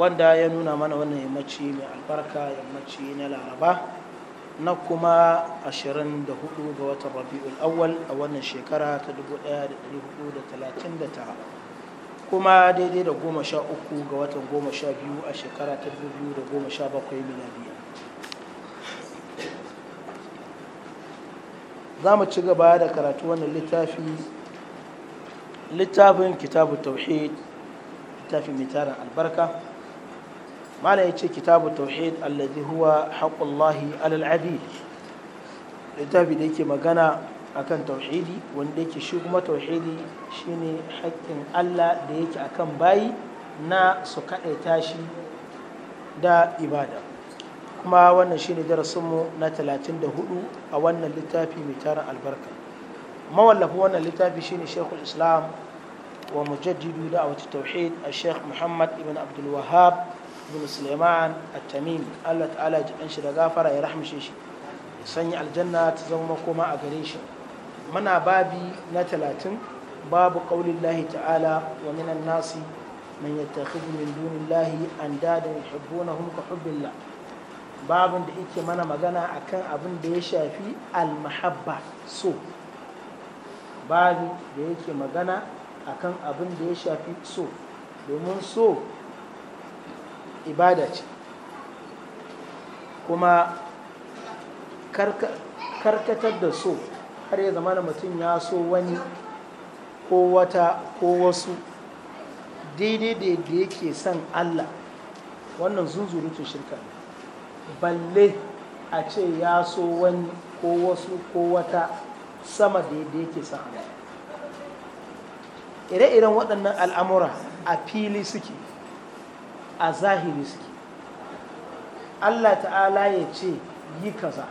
wanda ya nuna mana wannan yammaci mai albarka yammaci na laraba na kuma 24 ga watan rabi'ul awwal a wannan shekara ta 1439 kuma daidai da 13 ga watan 12 a shekara ta 2017 miladiya za mu ci gaba da karatu wannan littafi littafin kitabu tauhid littafin mai tarin albarka malam ya ce kitabu tauhid alladhi huwa haqqullahi alal abid littafi da yake magana akan tauhidi wanda yake shi kuma tauhidi shine haƙƙin Allah da yake akan bayi na su kaɗaita shi da ibada kuma wannan shine darasinmu na 34 a wannan littafi mai tarin albarka mawallafi wannan littafi shine shekul islam wa mujaddidu da a wata tauhid a sheikh muhammad ibn abdul wahab bin suleiman at-tamim allah ta'ala ya jikan shi da gafara ya rahmashe shi ya sanya aljanna ta zama makoma a gare shi muna babi na talatin babu lahi ta'ala wa minan nasi man yattakhidhu min dunillahi andadan yuhibbunahum ka hubbillah babin da yake mana magana akan abin da ya shafi almahabba so babi da yake magana akan abin da ya shafi so domin so ibada ce kuma karkatar da so har ya zama mutum ya so wani ko wata ko wasu daidai da yake son Allah wannan zunzurutun shirka balle a ce ya so wani ko wasu ko wata sama da yadda yake son Allah ire-iren waɗannan al'amura a fili suke a zahiri suke Allah ta'ala ya ce yi kaza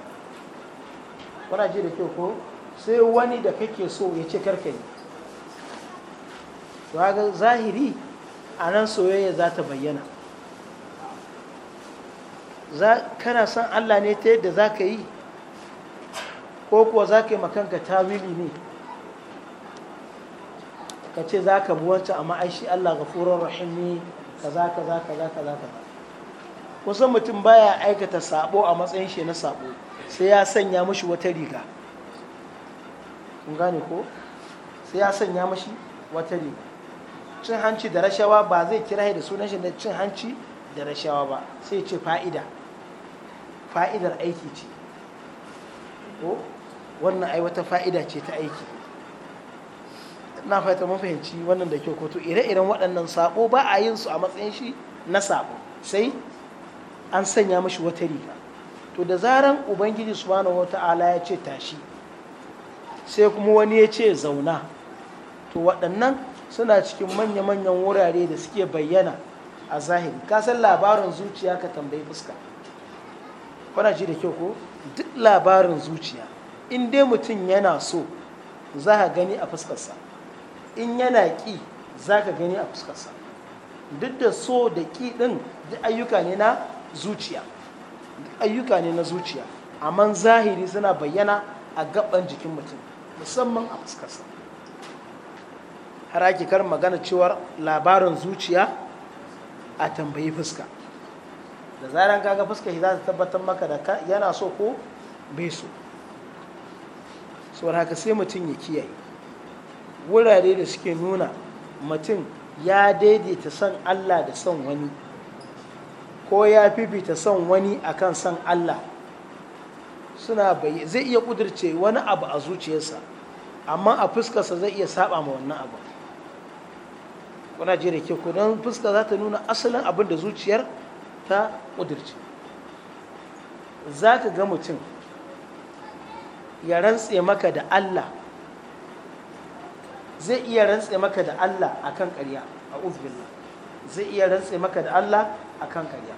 kuna ji da kyau ko sai wani da kake so ya ce karka yi ga zahiri a nan soyayya za ta bayyana kana son Allah ne ta yadda za ka yi ko kuwa za ka yi makanka tawili ne ka ce za ka bi amma ai shi Allah furar rahim ne kaza kaza kaza kaza kaza kusan mutum baya aikata sabo a matsayin shi na sabo sai ya sanya mashi wata riga kun gane ko sai ya sanya mashi wata riga cin hanci da rashawa ba zai kira da sunan shi na cin hanci da rashawa ba sai ce fa'ida fa'idar aiki ce ko wannan ai wata fa'ida ce ta aiki na fata mun fahimci wannan da kyau to ire-iren waɗannan saɓo ba a yin su a matsayin shi na sako sai an sanya mashi wata riga to da zaran ubangiji subhanahu wata'ala ya ce tashi sai kuma wani ya ce zauna to waɗannan suna cikin manya-manyan wurare da suke bayyana a zahiri kasan labarin zuciya ka tambayi fuska kwana ji da kyau ko duk labarin zuciya in dai mutum yana so za a gani a fuskarsa in yana ƙi za ka gani a fuskarsa duk da so da ƙi ɗin duk ayyuka ne na zuciya ayyuka ne na zuciya amma zahiri suna bayyana a gaban jikin mutum musamman a fuskarsa har ake kar magana cewa labarin zuciya a tambayi fuska da zaran kaga fuska shi za ta tabbatar maka da yana so ko bai so sau haka sai mutum ya kiyaye wurare da suke nuna mutum ya daidaita son Allah da son wani ko ya fifita son wani akan son Allah suna bayi zai iya kudurce wani abu a zuciyarsa amma a fuskarsa zai iya saba ma wannan abu kuna ji da ke kudan fuska za ta nuna asalin abin da zuciyar ta kudurce. za ka ga mutum ya rantse maka da Allah zai iya rantse maka da Allah a kan ƙarya a uzbillah zai iya rantse maka da Allah a kan ƙarya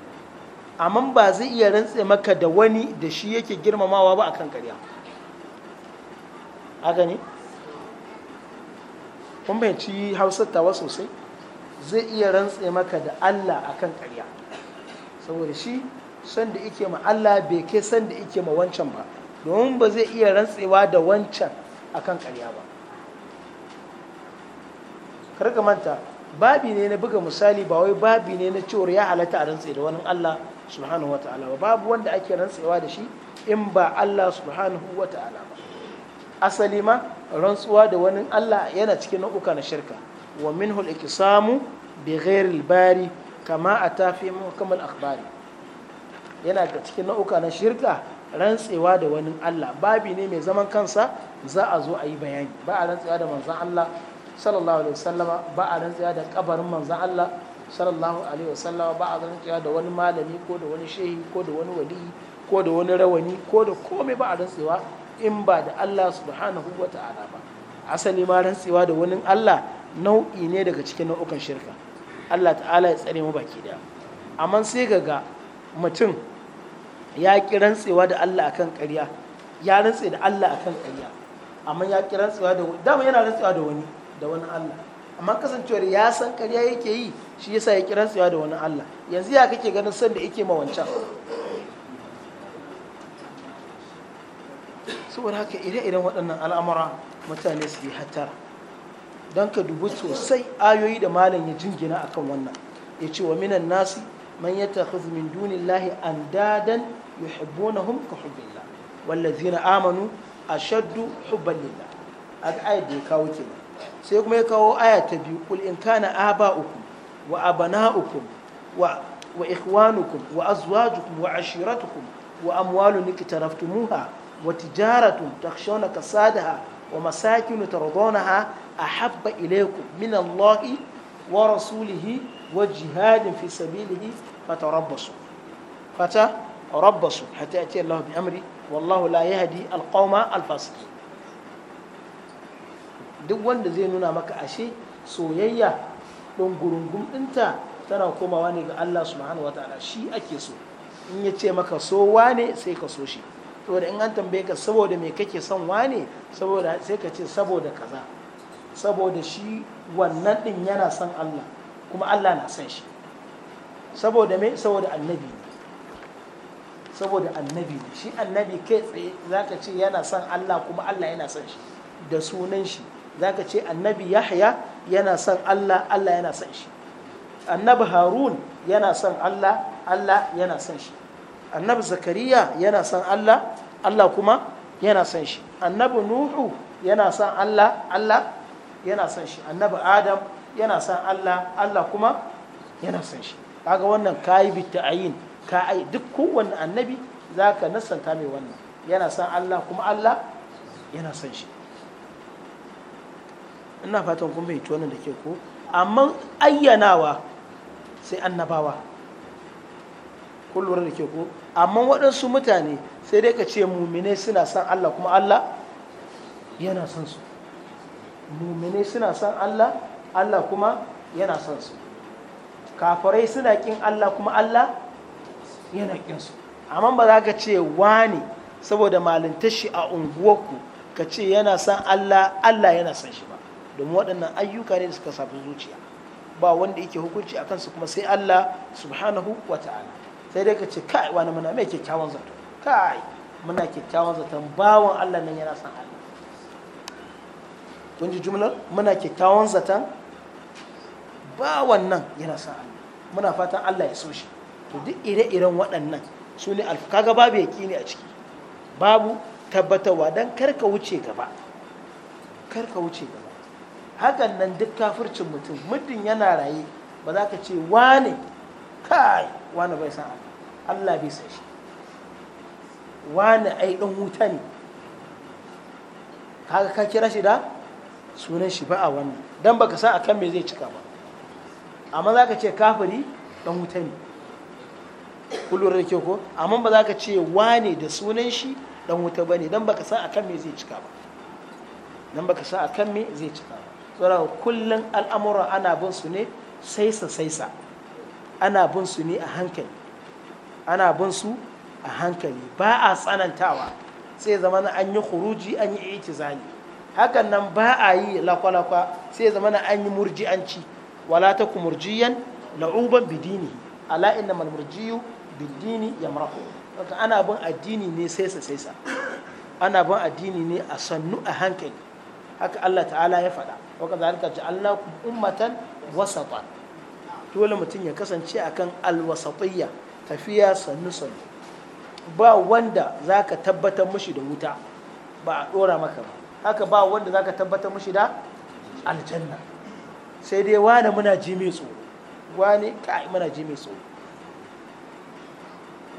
amma ba zai iya rantse maka da wani da shi yake girmamawa ba a kan ƙarya haka ne kun bayanci hausar tawa sosai zai iya rantse maka da Allah a kan ƙarya saboda shi sanda ike ma Allah bai kai sanda ike ma wancan ba domin ba zai iya rantsewa da wancan a kan ƙarya ba karga manta babi ne na buga misali ba wai babi ne na cewar ya halatta a rantse da wani Allah subhanahu wataala ba babu wanda ake rantsewa da shi in ba Allah subhanahu wataala ba asali ma rantsuwa da wani Allah yana cikin nau'uka na shirka wa minhul ikisamu bi ghairil bari kama a tafi mukammal akhbari yana da cikin nau'uka na shirka rantsewa da wani Allah babi ne mai zaman kansa za a zo a yi bayani ba a rantsewa da manzon Allah sallallahu alaihi wasallama ba a rantsuwa da kabarin manzan Allah sallallahu alaihi wasallama ba a rantsuwa da wani malami ko da wani shehi ko da wani wali ko da wani rawani ko da komai ba a rantsuwa in ba da Allah subhanahu wa ta'ala ba asali ma rantsuwa da wani Allah nau'i ne daga cikin nau'ukan shirka Allah ta'ala ya tsare mu baki daya amma sai ga mutum ya ki rantsewa da Allah akan ƙarya ya rantse da Allah akan ƙarya amma ya ki rantsewa da dama yana rantsewa da wani da wani Allah amma kasancewar ya san karya yake yi shi yasa ya kira tsayawa da wani Allah yanzu ya kake ganin san da yake ma saboda haka ire-iren waɗannan al'amura mutane su yi hatar don ka dubi sosai ayoyi da malam ya jingina akan wannan ya ce wa minan nasi man ya takhuz min dunillahi andadan yuhibbunahum ka hubbillah wallazina amanu ashaddu hubban lillah aka ayat da ya kawo kenan sai kuma ya kawo aya ta biyu kul in kana aba'ukum wa abana'ukum wa wa ikhwanukum wa azwajukum wa ashiratukum wa amwalun iktaraftumuha wa tijaratun takhshawna kasadaha wa masakin tardunaha ahabba ilaykum min Allahi wa rasulihi wa jihadin fi sabilihi fatarabbasu fata rabbasu hatta yati Allah bi amri wallahu la yahdi alqawma alfasiqin duk wanda zai nuna maka ashe soyayya don gurungun ɗinta tana komawa ne ga Allah subhanahu wataala shi ake so in ya ce maka so wane sai ka so shi saboda in an tambaye ka saboda me kake son wane saboda sai ka ce saboda kaza saboda shi wannan din yana son Allah kuma Allah na son shi saboda me saboda annabi ne saboda annabi ne shi annabi kai tsaye zaka ce yana son Allah kuma Allah yana son shi da sunan shi zaka ce annabi yahya yana son allah allah yana son shi annabi harun yana son allah allah yana son shi annabi zakariya yana son allah allah kuma yana son shi annabi nuhu yana son allah allah yana son shi annabi adam yana son allah allah kuma yana son shi kaga wannan ka kayi bitta'ayin ka ai duk kowanne annabi zaka nasanta mai wannan yana son allah kuma allah yana son shi ina fatan kun fahimci wannan da ke ko amma ayyanawa sai annabawa kun lura da ke ko amma waɗansu mutane sai dai ka ce mumine suna san Allah kuma Allah yana son su mumine suna san Allah Allah kuma yana son su kafirai suna kin Allah kuma Allah yana kin su amma ba za ka ce wani saboda malintashi a unguwarku ka ce yana son Allah Allah yana son shi ba domin waɗannan ayyuka ne da suka safi zuciya ba wanda yake hukunci akan su kuma sai Allah subhanahu wa ta'ala sai dai ka ce kai wani muna mai kyakkyawan zato kai muna kyakkyawan zaton bawan Allah nan yana san Allah kun ji jumlar muna kyakkyawan zaton bawan nan yana san Allah muna fatan Allah ya so shi to duk ire-iren waɗannan su ne alfa kaga babu ne a ciki babu tabbatarwa don karka wuce gaba karka wuce gaba hakan nan duk kafircin mutum muddin yana raye ba za ka ce wane kai wane bai san Allah bai san shi wane ai dan wuta ne kaga ka kira shi da sunan shi ba a wannan dan baka san akan me zai cika ba amma za ka ce kafiri dan wuta ne kullum da ke ko amma ba za ka ce wane da sunan shi dan wuta bane dan baka san akan me zai cika ba dan baka san akan me zai cika saboda kullum al'amuran ana bin su ne saisa saisa ana bin su ne a hankali ana bin su a hankali ba a tsanantawa sai zama na an yi huruji an yi itizali hakan nan ba a yi lakwalakwa sai zama na an yi murji'anci wala ta ku murjiyan la'uban bidini ala inna mal murjiyu bidini yamrahu ana bin addini ne saisa saisa ana bin addini ne a sannu a hankali haka Allah ta'ala ya faɗa wa allah ja'alnakum ummatan wasata dole mutum ya kasance akan alwasatiyya tafiya sannu sannu ba wanda zaka tabbatar mushi da wuta ba a dora maka ba haka ba wanda zaka tabbatar mushi da aljanna sai dai wane muna ji mai tsoro wane kai muna ji mai tsoro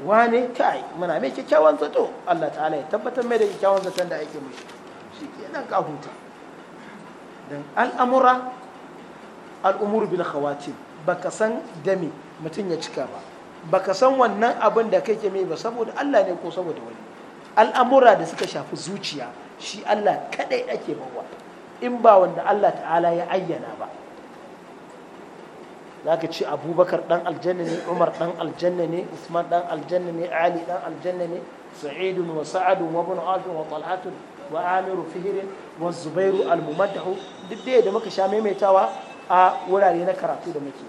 wane kai muna mai kyakkyawan zato Allah ta'ala ya tabbatar mai da kyakkyawan zaton da ake mushi shi kenan ka huta don al'amura al'umuru bil khawatim baka san dami mutum ya cika ba baka san wannan abin da kai mai ba saboda Allah ne ko saboda wani al'amura da suka shafi zuciya shi Allah kadai ake bawa in ba wanda Allah ta'ala ya ayyana ba za ka ce abubakar dan aljanna ne umar dan aljanna ne usman dan aljanna ne ali dan aljanna ne sa'idun wa sa'adun wa ibn wa talhatun wa amiru fihirin wa zubairu almumadahu duk da da muka sha maimaitawa a wurare na karatu da muke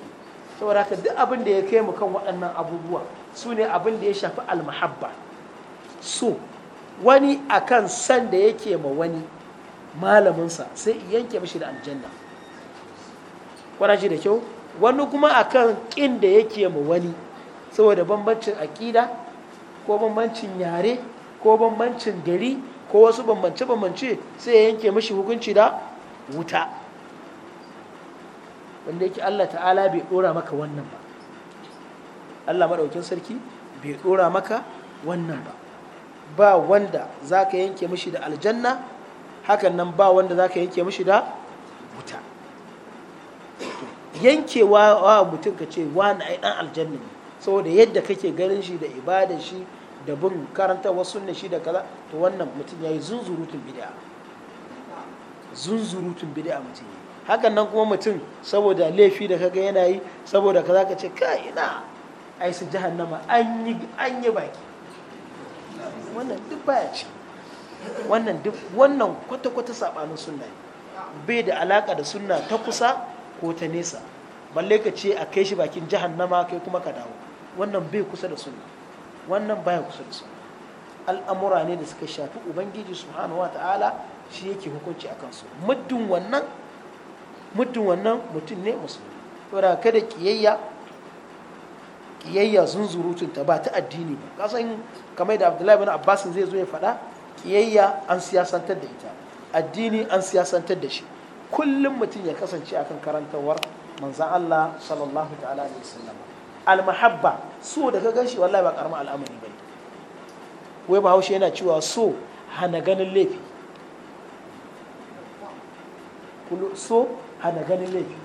saboda haka duk abin da ya kai mu kan waɗannan abubuwa su ne abin da ya shafi almahabba Su wani akan san da yake ma wani malaminsa sai yanke mashi da aljanna kwana da kyau wani kuma akan ƙin da yake ma wani saboda bambancin aƙida ko bambancin yare ko bambancin gari ko wasu bambance-bambance sai ya yanke mashi hukunci da wuta wanda yake Allah ta'ala bai dora maka wannan ba Allah maɗaukin sarki bai dora maka wannan ba ba wanda za ka yanke mashi da aljanna hakan nan ba wanda za ka yanke mashi da wuta yankewa wa mutum ka ce wani ai dan aljanna ne saboda yadda kake ganin shi da ibadar shi da bin wasu sunna shi da kaza to wannan mutum ya yi zunzurutun bid'a zunzurutun bid'a mutum ya hakan nan kuma mutum saboda laifi da kaga yana yi saboda kaza ka ce ka ina ai su jahannama an yi an yi baki wannan duk baya ce wannan duk wannan kwata kwata sabanin sunna bai da alaka da sunna ta kusa ko ta nesa balle ka ce a kai shi bakin jahannama kai kuma ka dawo wannan bai kusa da sunna wannan baya kusa da su al'amura ne da suka shafi ubangiji subhanahu wa ta'ala shi yake hukunci a kansu muddin wannan muddin wannan mutum ne musulmi saboda kada kiyayya kiyayya zunzurutun ta ba ta addini ba kasan kamar da abdullahi bin abbasin zai zo ya faɗa ƙiyayya an siyasantar da ita addini an siyasantar da shi kullum mutum ya kasance akan karantarwar manzan allah sallallahu ta'ala alaihi wasallam almahabba so da ka ganshi shi wallahi ba karamin al'amari ba ne wai ba haushe yana cewa so hana ganin laifi so hana ganin laifi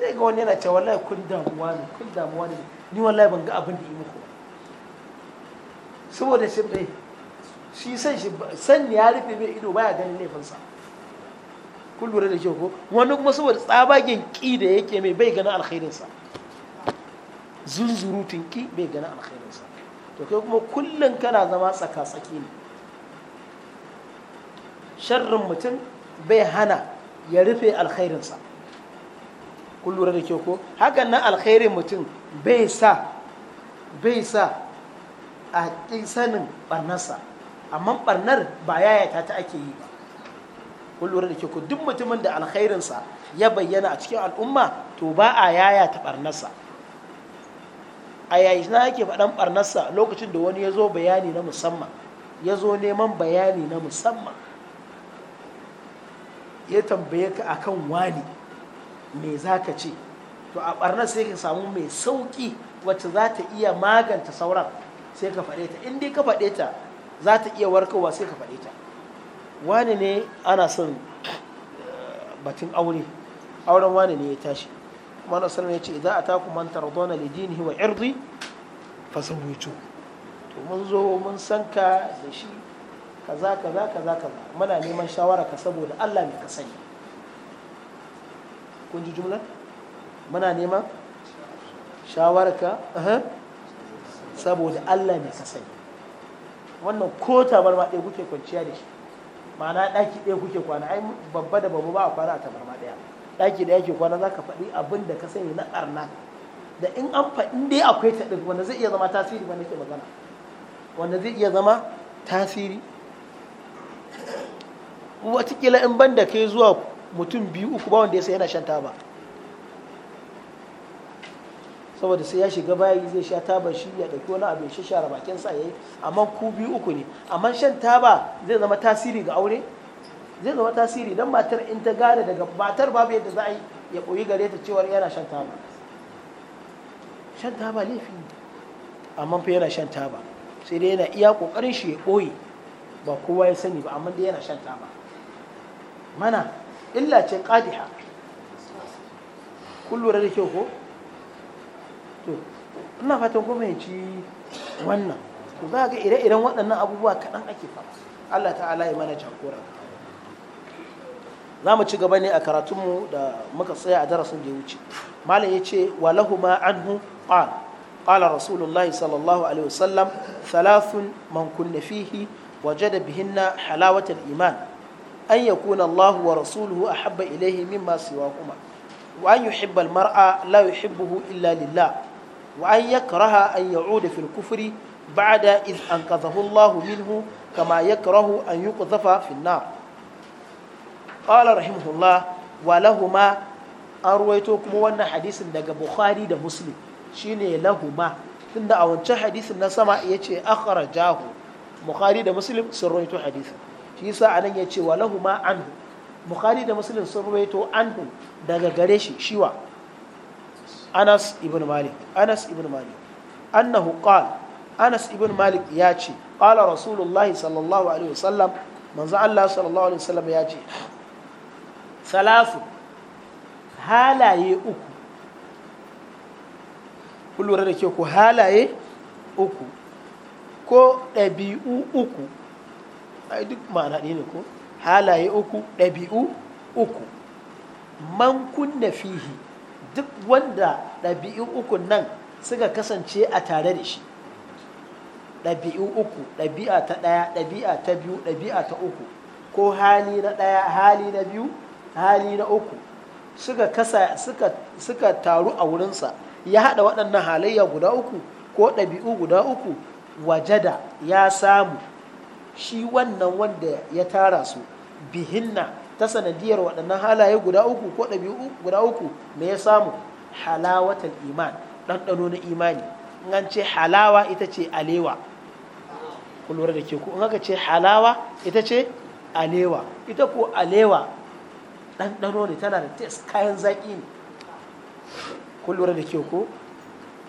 zai ga wani yana cewa wallahi kun damuwa ne kun damuwa ne ni wallahi ban ga abin da yi muku saboda shi bai shi san shi san ya rufe mai ido baya ganin laifinsa kun lura da kyau ko wani kuma saboda tsabagen ki da yake mai bai ganin alkhairinsa zunzurutun ki bai gani alkhairinsa to kai kuma kullum kana zama tsaka-tsaki ne sharrin mutum bai hana ya rufe alkhairinsa kun lura da kyau ko hakan nan alkhairin mutum bai sa bai sa a sanin barnarsa amma barnar ba yayata ta ake yi ba kun lura da kyau ko duk mutumin da alkhairinsa ya bayyana a cikin al'umma to ba a yayata barnarsa a yayi na yake faɗan ɓarnarsa lokacin da wani ya zo bayani na musamman ya zo neman bayani na musamman ya tambaye ka akan wani me za ka ce to a ɓarnar sai ka samu mai sauƙi wacce za ta iya maganta sauran sai ka faɗe ta in dai ka faɗe ta za ta iya warkarwa sai ka faɗe ta wani ne ana son eh, batun aure auren wani ne ya tashi mana sallam ya ce idan a taku man tardona lidinihi wa irdi fasawwicu to mun zo mun san ka da shi kaza kaza kaza kaza muna neman shawara ka saboda Allah mai ka sani kun ji jumlar muna neman shawararka saboda Allah mai ka sani wannan ko tabarma ɗaya kuke kwanciya da shi ma'ana ɗaki ɗaya kuke kwana ai babba da babba ba a kwana a tabarma ɗaya daki da yake kwana za ka faɗi abin da ka sani na ƙarna da in an faɗi dai akwai ta wanda zai iya zama tasiri wanda ke magana wanda zai iya zama tasiri watakila in ban da kai zuwa mutum biyu uku ba wanda ya sai yana shan taba saboda sai ya shiga bayi zai sha taba shi ya ɗauki wani abin shi share bakin sa yayi amma ku biyu uku ne amma shan taba zai zama tasiri ga aure zai zama tasiri don matar in ta gane daga matar babu yadda za a yi ya koyi gare ta cewar yana shan taba shan taba laifi ne? amma fa yana shan taba sai dai yana iya kokarin shi ya koyi ba kowa ya sani ba amma dai yana shan taba mana illa ce qadiha kun lura da kyau ko to ina fatan ko fahimci wannan to za ga ire-iren waɗannan abubuwa kaɗan ake fa, Allah ta'ala ya mana jagora za mu ci gaba ne a karatunmu da muka tsaya a darasin da ya wuce malam ya ce wa ma anhu qal qala rasulullahi sallallahu alaihi wasallam thalathun man kunna fihi wajada bihinna halawata iman an yakuna Allah wa rasuluhu ahabba ilayhi mimma siwahuma wa an yuhibba al-mar'a la yuhibbuhu illa lillah wa an yakraha an ya'uda fil kufri ba'da idh anqadhahu Allah minhu kama yakrahu an yuqdhafa fi an-nar qala rahimahullah wa lahuma an ruwaito kuma wannan hadisin daga bukhari da muslim shine lahuma tunda a wancan hadisin na sama ya yace akhrajahu bukhari da muslim sun ruwaito hadisin shi yasa anan yace wa lahuma anhu bukhari da muslim sun ruwaito anhu daga gare shi shiwa anas ibn malik anas ibn malik annahu qala anas ibn malik ya ce qala rasulullahi sallallahu alaihi wasallam manzo allah sallallahu alaihi wasallam ya ce salasu halaye uku ku da ke ku halaye uku ko ɗabi'u uku ai duk ma'ana ne ko halaye uku ɗabi'u uku man kunna fihi duk wanda ɗabi'u uku nan suka kasance a tare da shi ɗabi'u uku ɗabi'a ta ɗaya ɗabi'a ta biyu ɗabi'a ta uku ko hali na ɗaya hali na biyu hali na uku suka kasa suka suka taru a wurinsa ya haɗa waɗannan halayya guda uku ko ɗabi'u guda uku wajada ya samu shi wannan wanda ya tara su bihinna ta sanadiyar waɗannan halaye guda uku ko ɗabi'u guda uku me ya samu halawatan iman ɗanɗano na imani in an ce halawa ita ce alewa ku da ke ku in aka ce halawa ita ce alewa ita ko alewa ɗanɗano ne tana da tes kayan zaƙi ne kun lura da kyau ko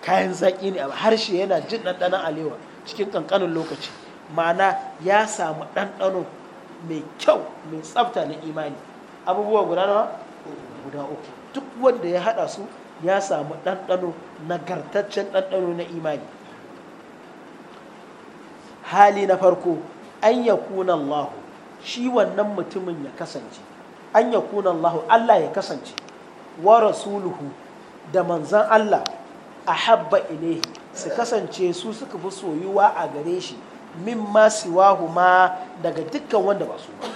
kayan zaƙi ne harshe yana jin ɗanɗanon alewa cikin ƙanƙanin lokaci ma'ana ya samu ɗanɗano mai kyau mai tsafta na imani abubuwa guda nawa guda uku duk wanda ya haɗa su ya samu ɗanɗano nagartaccen ɗanɗano na imani hali na farko an ya kuna Allah shi wannan mutumin ya kasance an ya kuna Allah Allah ya kasance wa rasuluhu da manzan Allah a habba ilaihi su kasance su suka fi soyuwa a gare shi min ma siwahu ma daga dukkan wanda ba su ba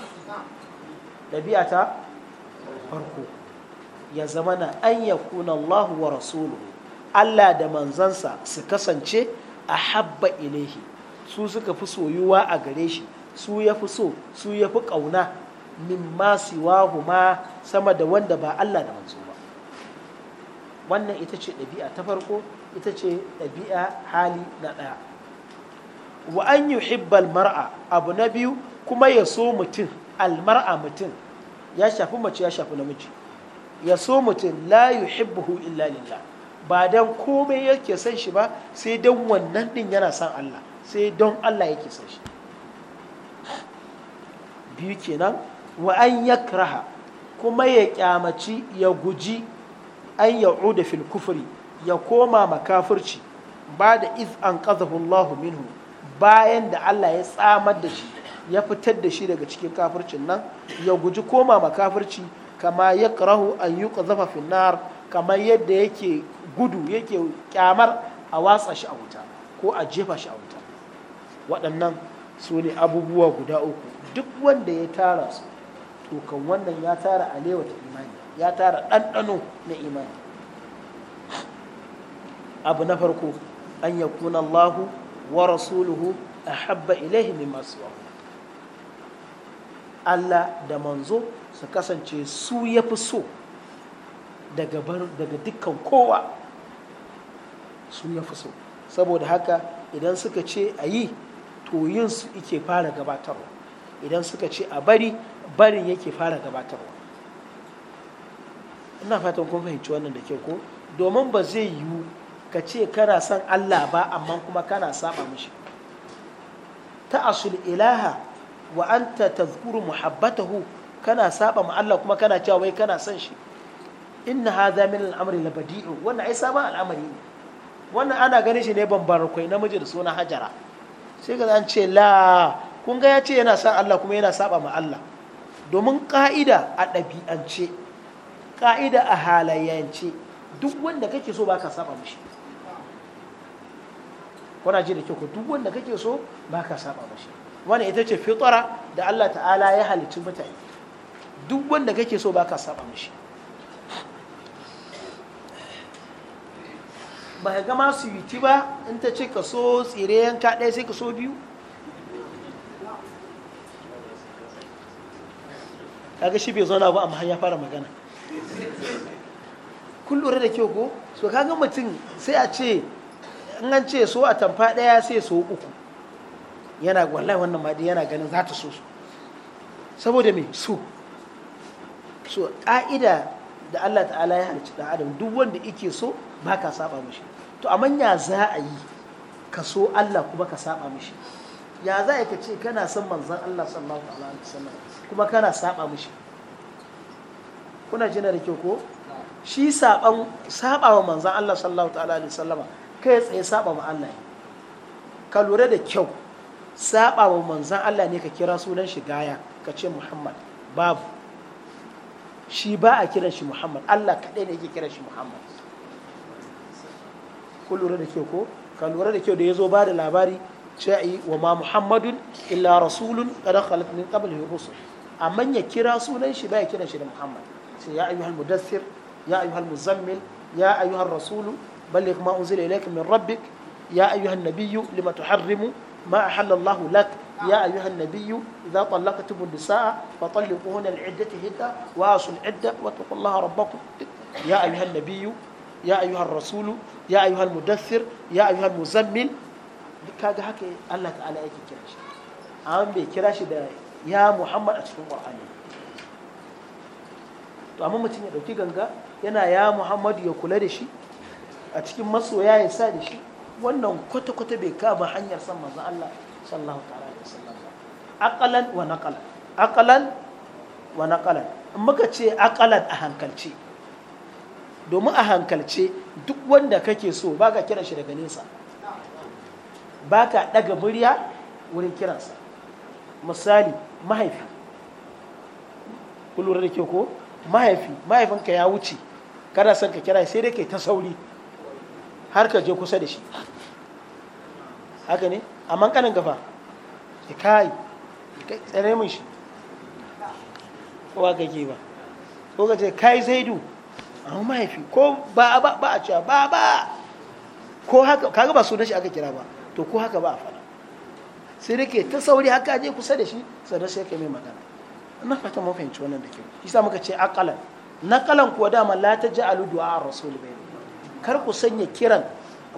ɗabi'a farko ya zama na an ya kuna Allah wa rasuluhu Allah da manzansa su kasance a habba ilaihi su suka fi soyuwa a gare shi su ya fi so su ya fi ƙauna mimma wahuma sama da wanda ba Allah da manzo ba wannan ita ce ɗabi'a ta farko ita ce ɗabi'a hali na ɗaya wa an yuhibbal mar'a abu na biyu kuma ya so mutum almar'a mutum ya shafi mace ya shafi namiji ya so mutum la yuhibbuhu illa lillah ba dan komai yake son shi ba sai dan wannan din yana son Allah sai don Allah yake son shi biyu kenan wa an yakraha kuma ya kyamaci ya guji an ya'uda fil kufri ya koma makafirci ba da iz an qazahu minhu bayan da Allah ya tsamar da shi ya fitar da shi daga cikin kafircin nan ya guji koma makafirci kama yakrahu an yi fin nar kamar yadda yake gudu yake kyamar a watsa shi a wuta ko a jefa shi a wuta waɗannan su ne abubuwa guda uku duk wanda ya tara su to kan wannan ya tara alewa ta imani ya tara ɗanɗano na imani abu na farko an ya kuna Allahu wa rasuluhu a habba ilaihi mimma siwa Allah da manzo su kasance su ya fi so daga dukkan kowa su ya fi so saboda haka idan suka ce a yi to yin su ike fara gabatarwa idan suka ce a bari barin yake fara gabatarwa ina fatan kun fahimci wannan da ke ko domin ba zai yiwu ka ce kana son Allah ba amma kuma kana saba mishi ta'asul ilaha wa anta tazkuru muhabbatahu kana saba ma Allah kuma kana cewa wai kana son shi inna hadha min al-amri labadi'u wannan ai sabon al'amari ne wannan ana ganin shi ne bambar kai namiji da suna hajara sai ga an ce la kun ga ya ce yana son Allah kuma yana saba ma Allah domin ƙa'ida a ɗabi'ance ƙa'ida a halayyance duk wanda kake so ba ka saba mashi kuna ji da kyau ko duk wanda kake so ba ka saba mashi wani ita ce fitara da Allah ta'ala ya halicci mutane duk wanda kake so ba ka saba mashi ba ga gama su yi ti ba in ta ce ka so tsire yanka ɗaya sai ka so biyu kaga shi bai zauna ba amma ya fara magana kun lura da kyau ko so kaga mutum sai a ce in an ce so a tamfa daya sai so uku yana wallahi wannan ma yana ganin za ta so su saboda me so so ka'ida da Allah ta'ala ya halicci da adam duk wanda yake so baka ka saba mishi to a ya za a yi ka so Allah kuma ka saba mishi ya za ka ce kana son manzan Allah sallallahu alaihi wasallam kuma kana saba mushi kuna jina da kyau ko shi saban saba wa manzan Allah sallallahu alaihi wasallam kai tsaye saba wa Allah ne ka lura da kyau saba wa manzan Allah ne ka kira sunan shi gaya ka ce Muhammad babu shi ba a kiran shi Muhammad Allah kaɗai ne yake kiran shi Muhammad ku lura da kyau ko ka lura da kyau da ya zo ba da labari sha'i wa ma muhammadun illa rasulun kada khalat min qablihi rusul amma ya kira sunan shi ya kiran shi da muhammad sai ya ayyuhal mudaththir ya ayyuhal muzammil ya rasulu balligh ma unzila ilayka min rabbik ya ayyuhan nabiyyu lima tuharrimu ما أحل الله لك يا أيها النبي إذا طلقتم النساء فطلقوهن العدة واتقوا الله ربكم يا أيها النبي يا أيها الرسول يا أيها المدثر يا أيها المزمل duk kaga haka Allah ta'ala yake kira shi amma bai kira shi da ya Muhammad a cikin Qur'ani to amma mutum ya dauki ganga yana ya Muhammad ya kula da shi a cikin masoya ya sa da shi wannan kwata-kwata bai kama hanyar san manzo Allah sallallahu ta'ala alaihi wasallam aqalan wa naqalan aqalan wa naqalan in muka ce aqalan a hankalce domin a hankalce duk wanda kake so baka kira shi daga nesa ba ka ɗaga murya wurin kiransa misali mahaifi kullum da ke ko mahaifi mahaifinka ya wuce kada son ka kira sai dai kai ta sauri har ka je kusa da shi haka ne amma kanin gafa ya kai tsere min shi kowa ke ba ko ka ce kai zaidu amma mahaifi ko ba ba a cewa ba ba ko haka kaga ba da shi aka kira ba to ko haka ba a fara? sai rike ta sauri haka je kusa da shi sannan sai ka mai magana na fata mun fahimci wannan da kyau shi sa muka ce akalan naqalan kuwa dama la taj'alu du'a ar-rasul bainakum kar ku sanya kiran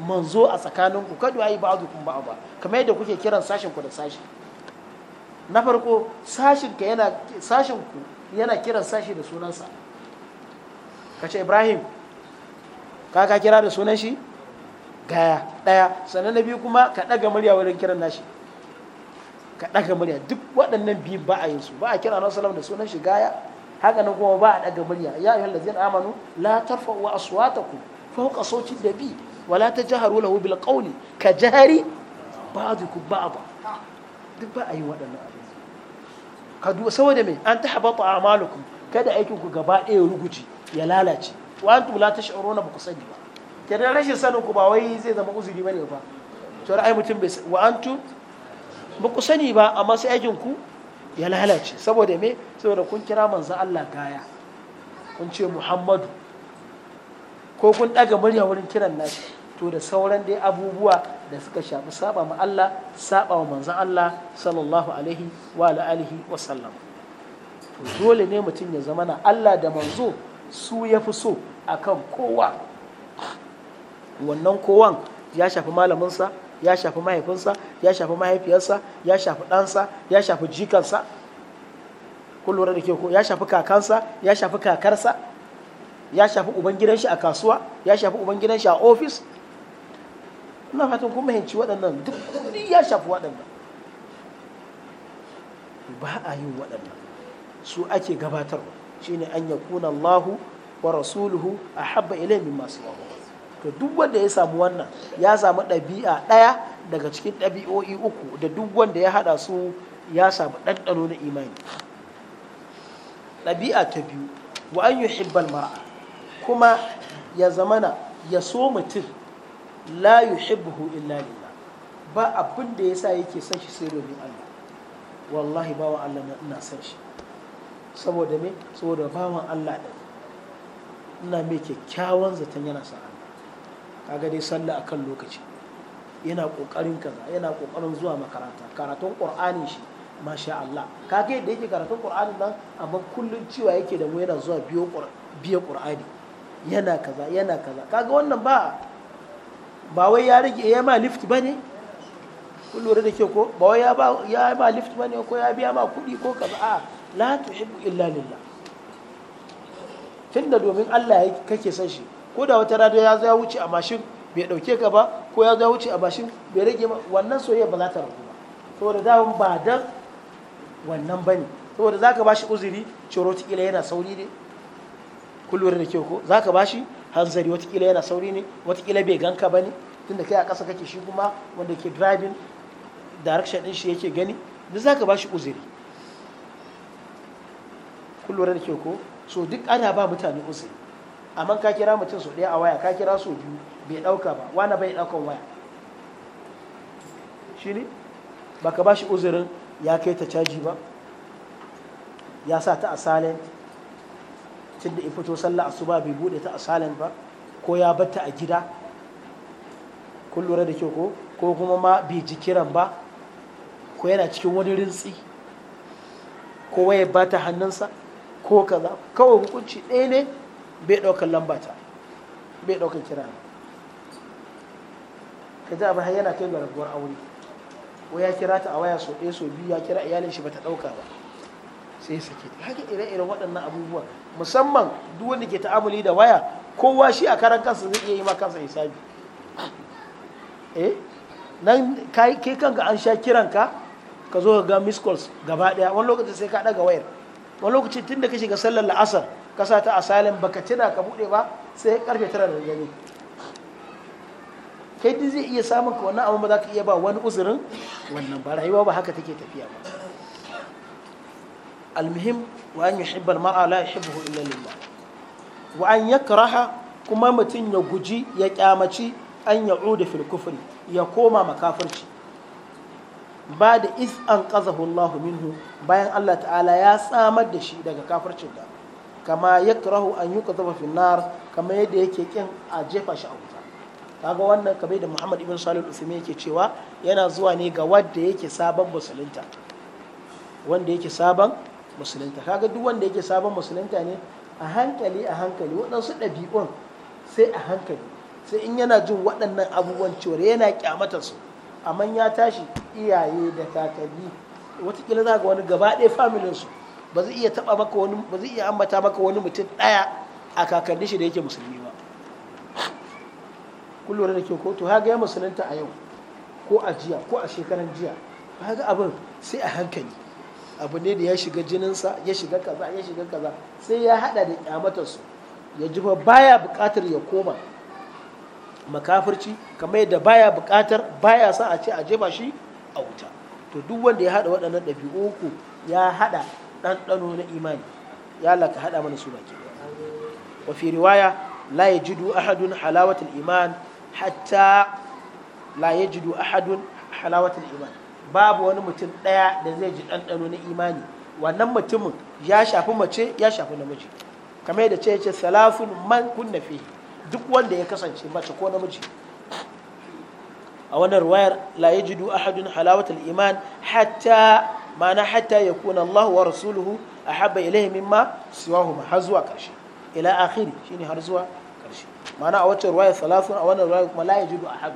manzo a tsakaninku kada kun ba'dukum ba kamar yadda kuke kiran sashin ku da sashi na farko sashin ka yana sashin ku yana kiran sashi da sunansa kace Ibrahim ka ka kira da sunan shi gaya ɗaya sannan na biyu kuma ka ɗaga murya wurin kiran nashi ka ɗaga murya duk waɗannan biyu ba a yin su ba a kira na salam da sunan shi gaya haka nan kuma ba a ɗaga murya ya ayyuhal ladzina amanu la tarfa tarfa'u aswatakum fawqa sawti dabi wa la tajharu lahu bil qawli ka jahari ba'dukum ba'd duk ba a yi waɗannan abin ka duba saboda me an a a'malukum kada aikin ku gaba ɗaya ruguji ya lalace wa antum la tash'uruna ba ku sani ba kenan rashin sanin ku ba wai zai zama uzuri bane ba to ai mutum bai wa antu ba ku sani ba amma sai aikin ku ya lalace saboda me saboda kun kira manzo Allah gaya kun ce Muhammadu ko kun daga murya wurin kiran nashi to da sauran dai abubuwa da suka shafi saba ma Allah saba wa manzo Allah sallallahu alaihi wa alihi wa sallam to dole ne mutum ya zama na Allah da manzo su ya fi so akan kowa wannan kowan ya shafi malaminsa ya shafi mahaifinsa ya shafi mahaifiyarsa ya shafi ɗansa ya shafi jikansa kullum da ke ko ya shafi kakansa ya shafi kakarsa ya shafi ubangidanshi a kasuwa ya shafi ubangidanshi a ofis ina fatan kun mahimci waɗannan duk kudi ya shafi waɗannan ba a yin waɗannan su ake gabatarwa shine an yakuna Allahu wa rasuluhu a ahabba ilayhi masu siwahu to duk wanda ya samu wannan ya samu ɗabi'a ɗaya daga cikin ɗabi'o'i uku da duk wanda ya haɗa su ya samu ɗanɗano na imani ɗabi'a ta biyu wa an yi hibbal mar'a kuma ya zamana ya so mutum la yuhibbuhu illa lillah ba abin da yasa yake son shi sai domin Allah wallahi bawan Allah na ina shi saboda me saboda bawan Allah ɗin ina mai kyakkyawan zaton yana sa. kaga dai sallah kan lokaci yana kokarin kaza yana kokarin zuwa makaranta karatun qur'ani shi masha Allah Ka ga yadda yake karatun qur'ani nan amma kullum cewa yake da mu yana zuwa biyo biyo yana kaza yana kaza kaga wannan ba ba wai ya rage ya ma lift ba kun lura da ke ko ba wai ya ma lift ne ko ya biya ma kuɗi ko kaza a la tuhibbu illa lillah tunda domin Allah kake son shi ko da wata rana ya zo ya wuce a mashin bai dauke ka ba ko ya zo wuce a mashin bai rage ma wannan soyayya ba za ta ragu ba saboda daman ba dan wannan bane saboda zaka shi uzuri ciro kila yana sauri ne kullum da kyau ko zaka shi hanzari watakila yana sauri ne watakila bai ganka ba ne tunda kai a ƙasa kake shi kuma wanda ke driving direction ɗin shi yake gani duk za ka ba shi uzuri kullum da ke ko so duk ana ba mutane uzuri amma ka kira mutum su ɗaya a waya ka kira su biyu bai ɗauka ba wani bai ɗaukan waya shi ne ba ka ba shi uzurin ya kai ta caji ba ya sa ta a silent tun da in fito sallah asuba bai buɗe ta a ba ko ya batta a gida kun lura da kyau ko ko kuma ma bai ji kiran ba ko yana cikin wani rintsi ko waye ba ta hannunsa ko kaza kawai hukunci ɗaya ne bai ɗaukar lambata bai ɗaukar kira ka ji abin yana kai ga rabuwar aure ko ya kira ta a waya sau ɗaya sau biyu ya kira iyalin shi bata ɗauka ba sai sake haka ire-iren waɗannan abubuwa musamman duk wanda ke ta'amuli da waya kowa shi a karan kansa zai iya yi ma kansa hisabi eh nan kai kanka an sha kiran ka ka zo ka ga miss calls gaba ɗaya wani lokaci sai ka ɗaga wayar wani lokaci tun da ka shiga sallar la'asar kasa ta asalin baka tuna ka bude ba sai karfe tara da gani kai duk zai iya samun ka wannan abin ba za ka iya ba wani uzurin wannan ba rayuwa ba haka take tafiya ba almuhim wa an yuhibba al la yuhibbuhu illa lillah wa an yakraha kuma mutum ya guji ya kyamaci an ya'uda fil kufri ya koma makafirci ba da is an qazahu Allah minhu bayan Allah ta'ala ya samar da shi daga kafircin da kama karahu an yi fi nar kama yadda yake kin a jefa shi a wuta kaga wannan kamar da Muhammad ibn Salih al yake cewa yana zuwa ne ga wanda yake sabon musulunta wanda yake sabon musulunta kaga duk wanda yake sabon musulunta ne a hankali a hankali waɗansu ɗabi'un sai a hankali sai in yana jin waɗannan abubuwan cewar yana kyamatar su amma ya tashi iyaye da kakanni watakila za ga wani gaba ɗaya familin su. ba zai iya taba maka wani ba iya ambata maka wani mutum daya a kakanni shi da yake musulmi ba kullum da ke ko to haga ya musulunta a yau ko a jiya ko a shekaran jiya haga abin sai a hankali abu ne da ya shiga jininsa ya shiga kaza ya shiga kaza sai ya hada da kyamatarsu ya ji baya bukatar ya koma makafirci kamar yadda baya bukatar baya sa a ce a jeba shi a wuta to duk wanda ya hada waɗannan ɗabi'u uku ya hada ɗanɗano na imani ya laka ka haɗa mana su baki wa fi riwaya la yajidu ahadun halawatul iman hatta la yajidu ahadun halawatul iman babu wani mutum ɗaya da zai ji ɗanɗano na imani wannan mutumin ya shafi mace ya shafi namiji kamar yadda ce ce salafun man kunna fi duk wanda ya kasance mace ko namiji a wannan ruwayar la yajidu ahadun halawatul iman hatta ma'ana hatta ya kuna Allah wa rasuluhu a haɓa ilaihi mimma siwahuma har zuwa ƙarshe ila akhiri shine har zuwa ƙarshe ma'ana a wacce ruwaya salafun a wannan ruwaya kuma la a ahad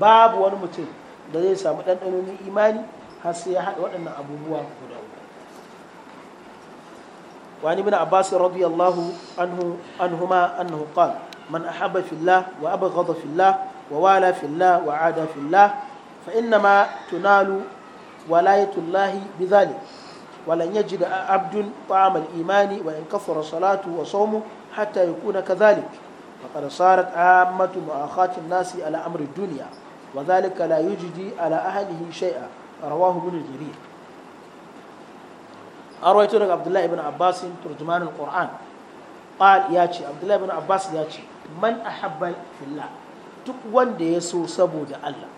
babu wani mutum da zai samu ɗanɗanonin imani har sai ya haɗa waɗannan abubuwa guda uku وعن ابن عباس رضي الله عنه عنهما أنه قال من أحب wa الله وأبغض في الله ووالى في الله وعادى في الله فإنما walayatullahi bizali walan da abdul ta'amal imani wa in kafara salatu wa sawmu hatta yakuna kadhalik faqad sarat ammatu ma'akhat nasi ala amri dunya wa dhalika la yujdi ala ahlihi shay'a rawahu ibn jarir arwayto daga abdullah ibn abbas turjuman alquran qal yaci abdullah ibn abbas yaci man ahabba fillah duk wanda ya so saboda allah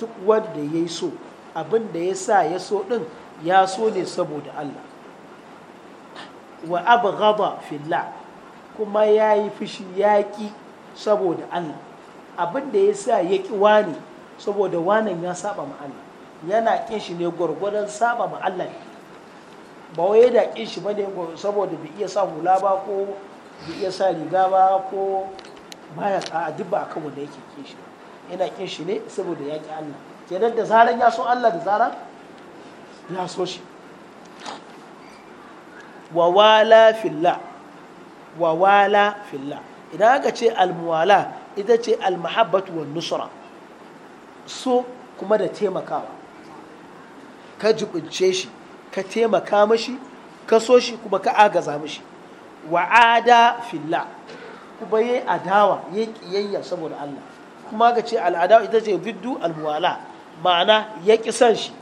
duk wanda yayi so abin da ya sa ya so ɗin ya so ne saboda Allah wa gaba fila kuma ya yi fushi ya ƙi saboda Allah abin da ya sa ya ƙi wani saboda wanan ya saba ma Allah yana ƙin shi ne gwargwadon saba ma Allah ne ba wai da ƙin shi bane saboda bai iya sa hula ba ko bai iya sa riga ba ko baya a duk ba akan wanda yake ƙin shi yana ƙin shi ne saboda ya ƙi Allah kenan da zaran ya so Allah da zaran ya so shi wa wala filla wa wala idan aka ce almuwala ita ce almahabbatu wa nusra so kuma da taimakawa ka jubince shi ka taimaka mashi ka so shi kuma ka agaza mashi wa'ada filla kuma yi adawa yi kiyayya saboda Allah kuma ka ce al'adawa ita ce biddu almuwala ma'ana ya ƙi son shi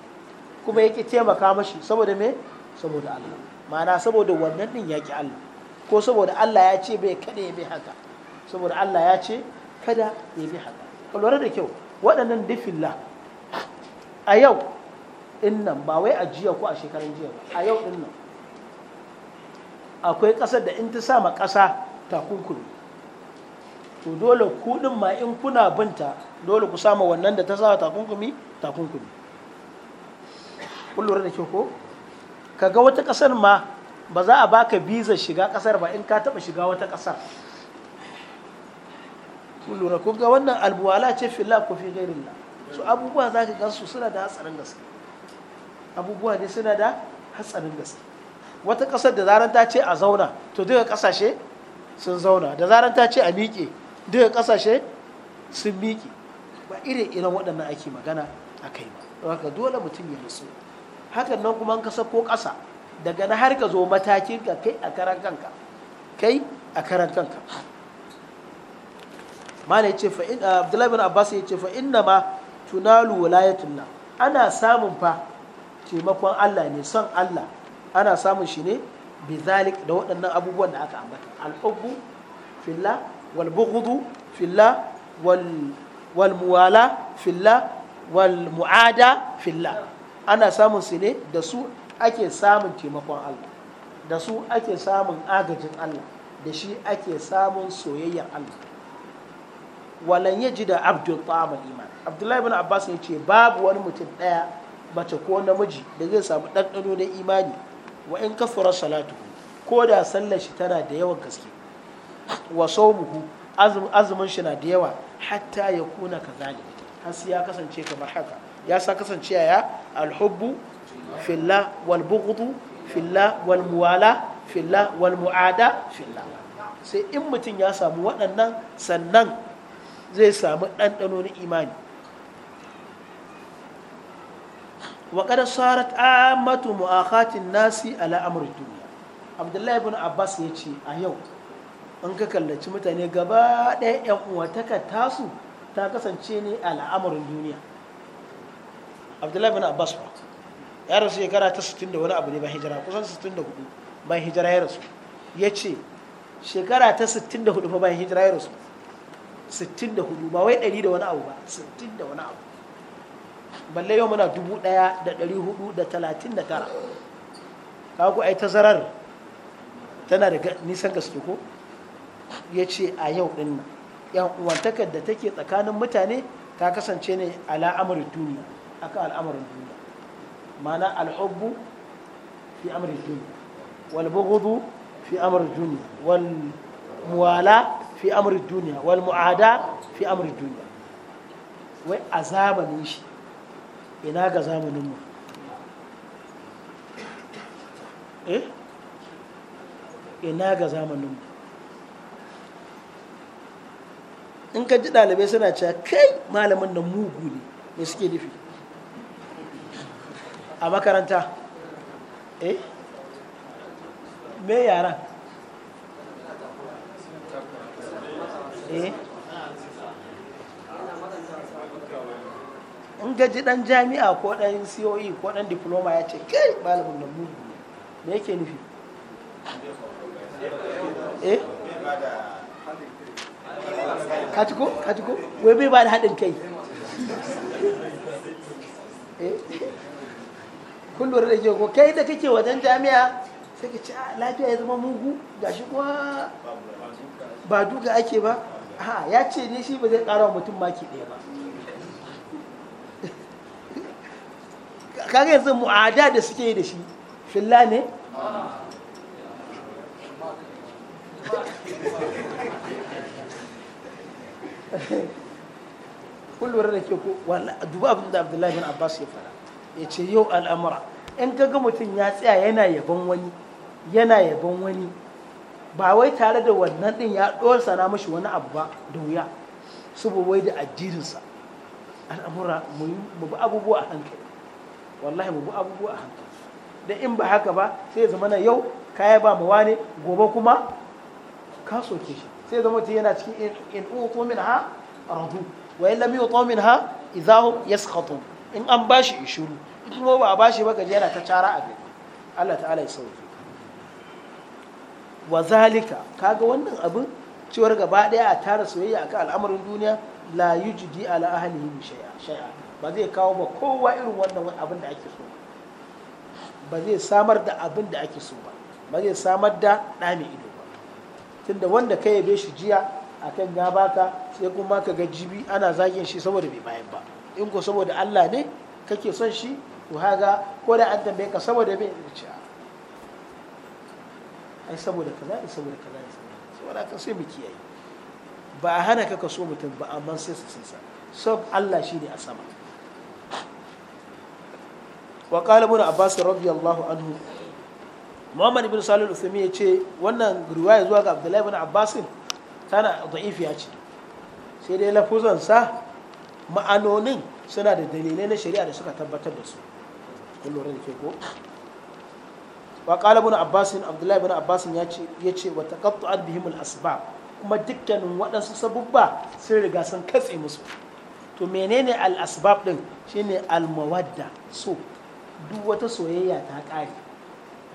kuma ya ƙi taimaka mashi saboda me saboda Allah ma'ana saboda wannan ɗin ya ƙi Allah ko saboda Allah ya ce bai kada ya bi haka saboda Allah ya ce kada ya bi haka ka lura da kyau waɗannan difilla a yau ɗin nan ba wai a jiya ko a shekaran jiya ba a yau ɗin nan akwai ƙasar da in ta sama ƙasa takunkumi to dole ku din ma in kuna binta dole ku samu wannan da ta sa takunkumi takunkumi kun da ke ko kaga wata kasar ma ba za a baka biza shiga kasar ba in ka taba shiga wata kasar kun lura ga wannan albuwala ce filla ku fi ghairillah su abubuwa za ka gansu suna da hatsarin gaske abubuwa ne suna da hatsarin gaske wata kasar da zaran ta ce a zauna to duka kasashe sun zauna da zaran ta ce a miƙe duka kasashe sun miki ba irin irin waɗannan ake magana a kai ba haka dole mutum ya nutsu hakan nan kuma ka ko ƙasa daga na har ka zo matakin ka kai a karan kanka kai a karan kanka fa in abdullahi bin abbas ya ce fa inna ma tunalu tunan ana samun fa taimakon Allah ne son Allah ana samun shi ne bizalik da waɗannan abubuwan da aka ambata al'ubu Fila. wal bughdu fillah wal wal ana samun su ne da su ake samun taimakon Allah da su ake samun agajin Allah da shi ake samun soyayyar Allah walan yaji da abdul ta'amal iman abdullahi ibn abbas ya ce babu wani mutum daya mace ko namiji da zai samu ɗanɗano na imani wa in kafara salatu ko da sallar shi tana da yawan gaske wa sawmuhu azumin shi na da yawa hatta ya kuna kazalik har sai ya kasance kamar haka ya sa kasance ya alhubbu filla wal bughdu fillah wal muwala fillah wal muada fillah sai in mutum ya samu waɗannan sannan zai samu ɗanɗano na imani wa kada sarat amatu mu'akhatin nasi ala amr duniya abdullahi ibn abbas ya ce a yau in ka kallaci mutane gaba ɗaya yan uwataka tasu ta kasance ne a al'amarin duniya abdullahi bin abbas ba ya rasu shekara ta 60 da wani abu ne ba hijira kusan 64 bayan hijira ya rasu ya ce shekara ta 64 fa bayan hijira ya rasu 64 ba wai 100 da wani abu ba 60 da wani abu balle yau muna 1439 ku ai tazarar tana da nisan gaske ko ya ce a yau ɗin nan yan uwantakar da take tsakanin mutane ta kasance ne ala amrin duniya aka al'amarin duniya mana alhubbu fi amarin duniya wal bughdhu fi amarin duniya wal muwala fi amarin duniya wal mu'ada fi amarin duniya wai a zamanin shi ina ga zamanin mu eh ina ga zamanin mu in ka ji ɗalibai suna cewa kai malamin da mugu ne mai suke nufi a makaranta eh me yaran eh in ji dan jami'a ko dan coe ko dan diploma ya ce kai malamin da mugu me yake nufi eh katiko katiko wai bai ba da haɗin kai eh. kun lura da ke ko kai da kake wajen jami'a sai ka ci ah, lafiya ya zama mugu ga shi kuwa ba duka ake ba ha ya ce ne shi ba zai ƙara wa mutum maki ɗaya ba kaga yanzu mu'ada da suke yi da shi filla ne kullum da ke ko wala duba abin da abdullahi bin abbas ya fara ya ce yau al'amura in ka ga mutum ya tsaya yana yabon wani yana yabon wani ba wai tare da wannan din ya ɗorsa na mashi wani abu ba da wuya saboda wai da addininsa al'amura mu bi abubuwa a hankali wallahi mu bi abubuwa a hankali da in ba haka ba sai zama na yau kaya ba mu wane gobe kuma ka soke shi sai zama mutum yana cikin in uto min ha radu wa in lam yuto min ha idahum yaskhatu in an bashi ishuru in kuma ba a bashi ba gaje yana ta cara a gari Allah ta'ala ya sauke wa zalika kaga wannan abin cewar gaba daya a tara soyayya akan al'amarin duniya la yujdi ala ahlihi shay'a shay'a ba zai kawo ba kowa irin wannan abin da ake so ba zai samar da abin da ake so ba ba zai samar da ɗa ido tunda wanda ka yabe shi jiya akan ya baka sai kuma ka ga jibi ana zagin shi saboda bai bayan ba in ko saboda Allah ne kake son shi to haga ko da an tambaye ka saboda bai da ci ai saboda kaza ne saboda kaza ne saboda ka sai mu kiyaye ba a hana ka kaso mutum ba amma sai su sai sa Allah Allah ne a sama wa qala ibn abbas radiyallahu anhu muhammad ibn salih al ya ce wannan riwaya zuwa ga abdullahi ibn abbasin tana ya ce sai dai lafuzan sa ma'anonin suna da dalilai na shari'a da suka tabbatar da su kun lura da ke ko wa qala ibn abbasin abdullahi ibn abbasin ya ce yace wa taqatta'at bihim al-asbab kuma dukkanin waɗansu sabubba sun riga sun katse musu to menene al-asbab din shine almawadda mawadda so duk wata soyayya ta ƙare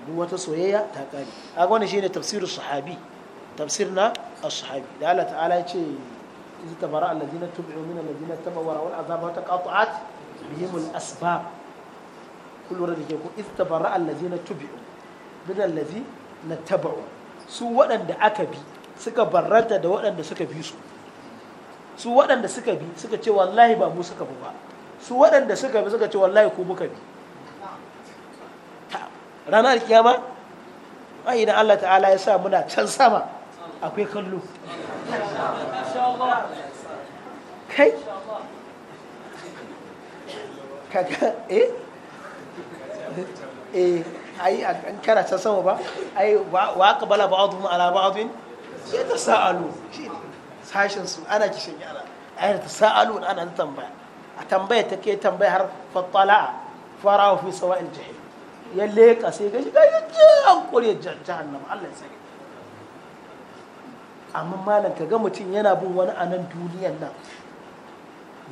duk wata soyayya ta kare a wani shine tafsirin sahabi tafsir na ashabi da Allah ta'ala ya ce iz tabara alladhina tubi'u min alladhina tabawara wal azaba taqata'at bihim al asbab kullu da ke ku iz tabara alladhina tubi'u min alladhina tabau su waɗanda aka bi suka barranta da waɗanda suka bi su su waɗanda suka bi suka ce wallahi ba mu suka bi ba su waɗanda suka bi suka ce wallahi ku muka bi ranar kiyama ai idan Allah ta'ala ya sa muna can sama akwai kallo kai kaga eh eh an can sama ba wa aka bala ala ta sa'alu sashin su ana kishin yara ta sa'alu ana tambaya a tambaya take tambaya har fattala farahu fi sawa'il ya leƙa sai gashi ga ya jan ƙwarya jahannama Allah ya sani amma malam ka ga mutum yana bin wani a nan duniyan nan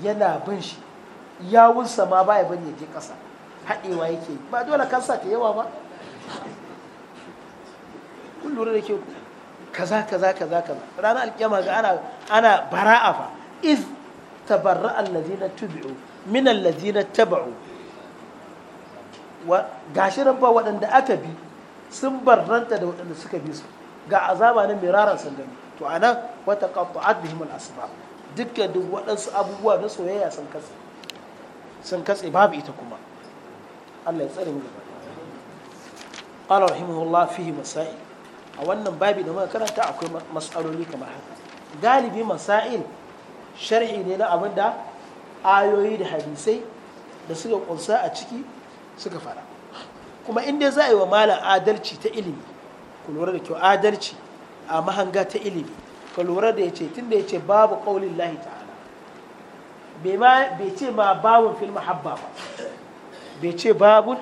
yana bin shi yawunsa ma baya bin ya je ƙasa haɗewa yake ba dole kansa ta yawa ba kun lura da ke kaza kaza kaza kaza ranar alƙiyama ga ana ana bara'a fa iz tabarra allazina tubi'u min allazina taba'u Gashirin ba waɗanda aka bi sun barranta da waɗanda suka bi su ga azaba na miraran sun gani to a nan wata qatta'at bihim al-asbab dukkan duk waɗansu abubuwa na soyayya sun katse sun katse babu ita kuma Allah ya tsare mu gaba قال رحمه الله فيه مسائل a wannan babi da muka karanta akwai matsaloli kamar haka galibi masail sharhi ne na abin da ayoyi da hadisai da suka kunsa a ciki suka fara kuma inda za a yi wa malam adalci ta ilimi ku lura da kyau adalci a mahanga ta ilimi ku lura da ya ce tun da ya ce babu ƙaunin lahi ta'ala bai ce ma babun fil mahabba ba bai ce babun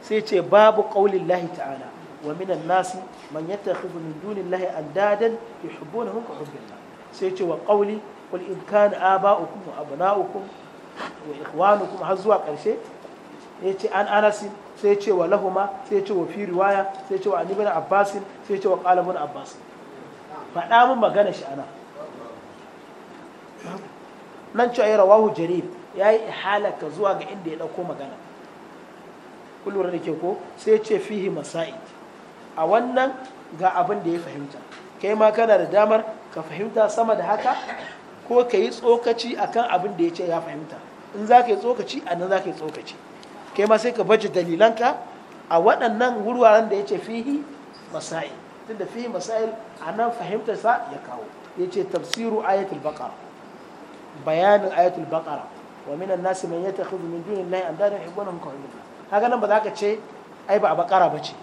sai ce babu ƙaunin lahi ta'ala wa minan nasi man yattakhidhu min dunillahi andadan yuhibbunahum ka hubbillah sai ce wa ƙauli qul in kana aba'ukum wa abna'ukum wa ikhwanukum har zuwa ƙarshe ya ce an anasi sai ce wa lahuma sai ce wa fi riwaya sai ce wa an abbasin sai ce wa qala Abbasin. faɗa mun magana shi ana nan cewa rawahu jarir yi halaka zuwa ga inda ya ɗauko magana kullum da ke ko sai ce fihi masaid a wannan ga abin da ya fahimta kai ma kana da damar ka fahimta sama da haka ko ka yi tsokaci akan abin da ya ce ya fahimta in za ka yi tsokaci a nan za ka yi tsokaci kai ma sai ka baje dalilanka a waɗannan wurwaren da ya ce fihi masail tunda fihi masail a nan fahimtarsa ya kawo ya ce tafsiru ayatul baqara bayanin ayatul baqara wa minan nasi man yattakhidhu min dunillahi andadan yuhibbunahum ka yuhibbuhum kaga nan ba za ka ce ai ba a baqara bace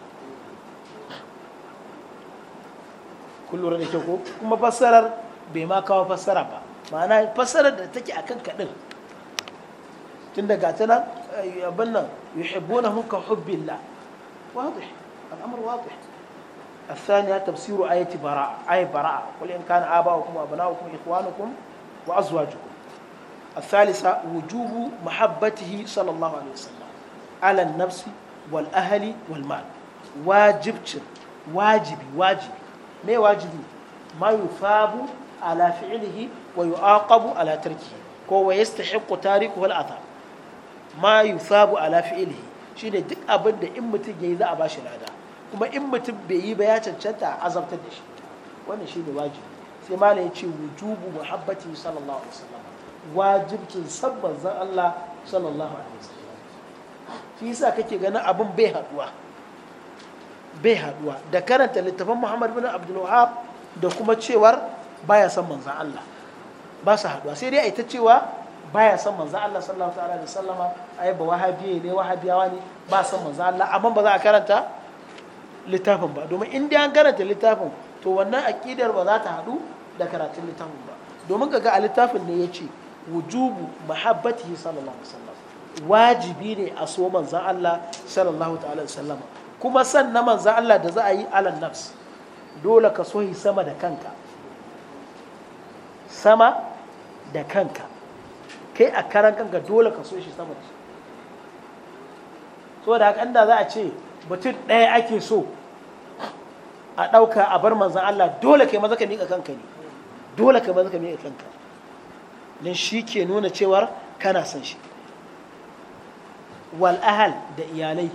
kun lura da kyau ko kuma fassarar bai ma kawo fassara ba ma'ana fassarar da take akan kadin tun daga ta nan يبنى يحبونهم كحب الله واضح الأمر واضح الثانية تفسير آية براءة آية براءة قل إن كان آباؤكم وأبناؤكم إخوانكم وأزواجكم الثالثة وجوب محبته صلى الله عليه وسلم على النفس والأهل والمال واجب واجب واجب ما واجب ما يثاب على فعله ويعاقب على تركه هو يستحق تاركه العذاب ma yusabu ala shi shine duk abin da in mutum yi za a bashi lada kuma in mutum bai yi ba ya cancanta a azabtar da shi wannan shine wajibi sai malam ya ce wujubu muhabbati sallallahu alaihi wasallam wajibcin san manzon Allah sallallahu alaihi wasallam shi yasa kake ganin abin bai haduwa bai haduwa da karanta littafin Muhammad bin Abdul da kuma cewar baya san manzon Allah ba su haduwa sai dai a ta cewa baya son manzo Allah sallallahu ta'ala da sallama ai ba wahabiye ne wahabiyawa ne ba son manzo Allah amma ba za a karanta littafin ba domin in dai an karanta littafin to wannan aqidar ba za ta hadu da karatun littafin ba domin kaga a littafin ne yace wujubu mahabbatihi sallallahu alaihi wasallam wajibi ne a so manzo Allah sallallahu ta'ala da sallama kuma san na manzo Allah da za a yi alan nafs dole ka so sama da kanka sama da kanka kai a karan kanka dole ka so shi sama da shi saboda haka inda za a ce mutum ɗaya ake so a ɗauka a bar manzan Allah dole kai maza ka miƙa kanka ne dole kai maza ka miƙa kanka don shi ke nuna cewar kana son shi wal ahal da iyalai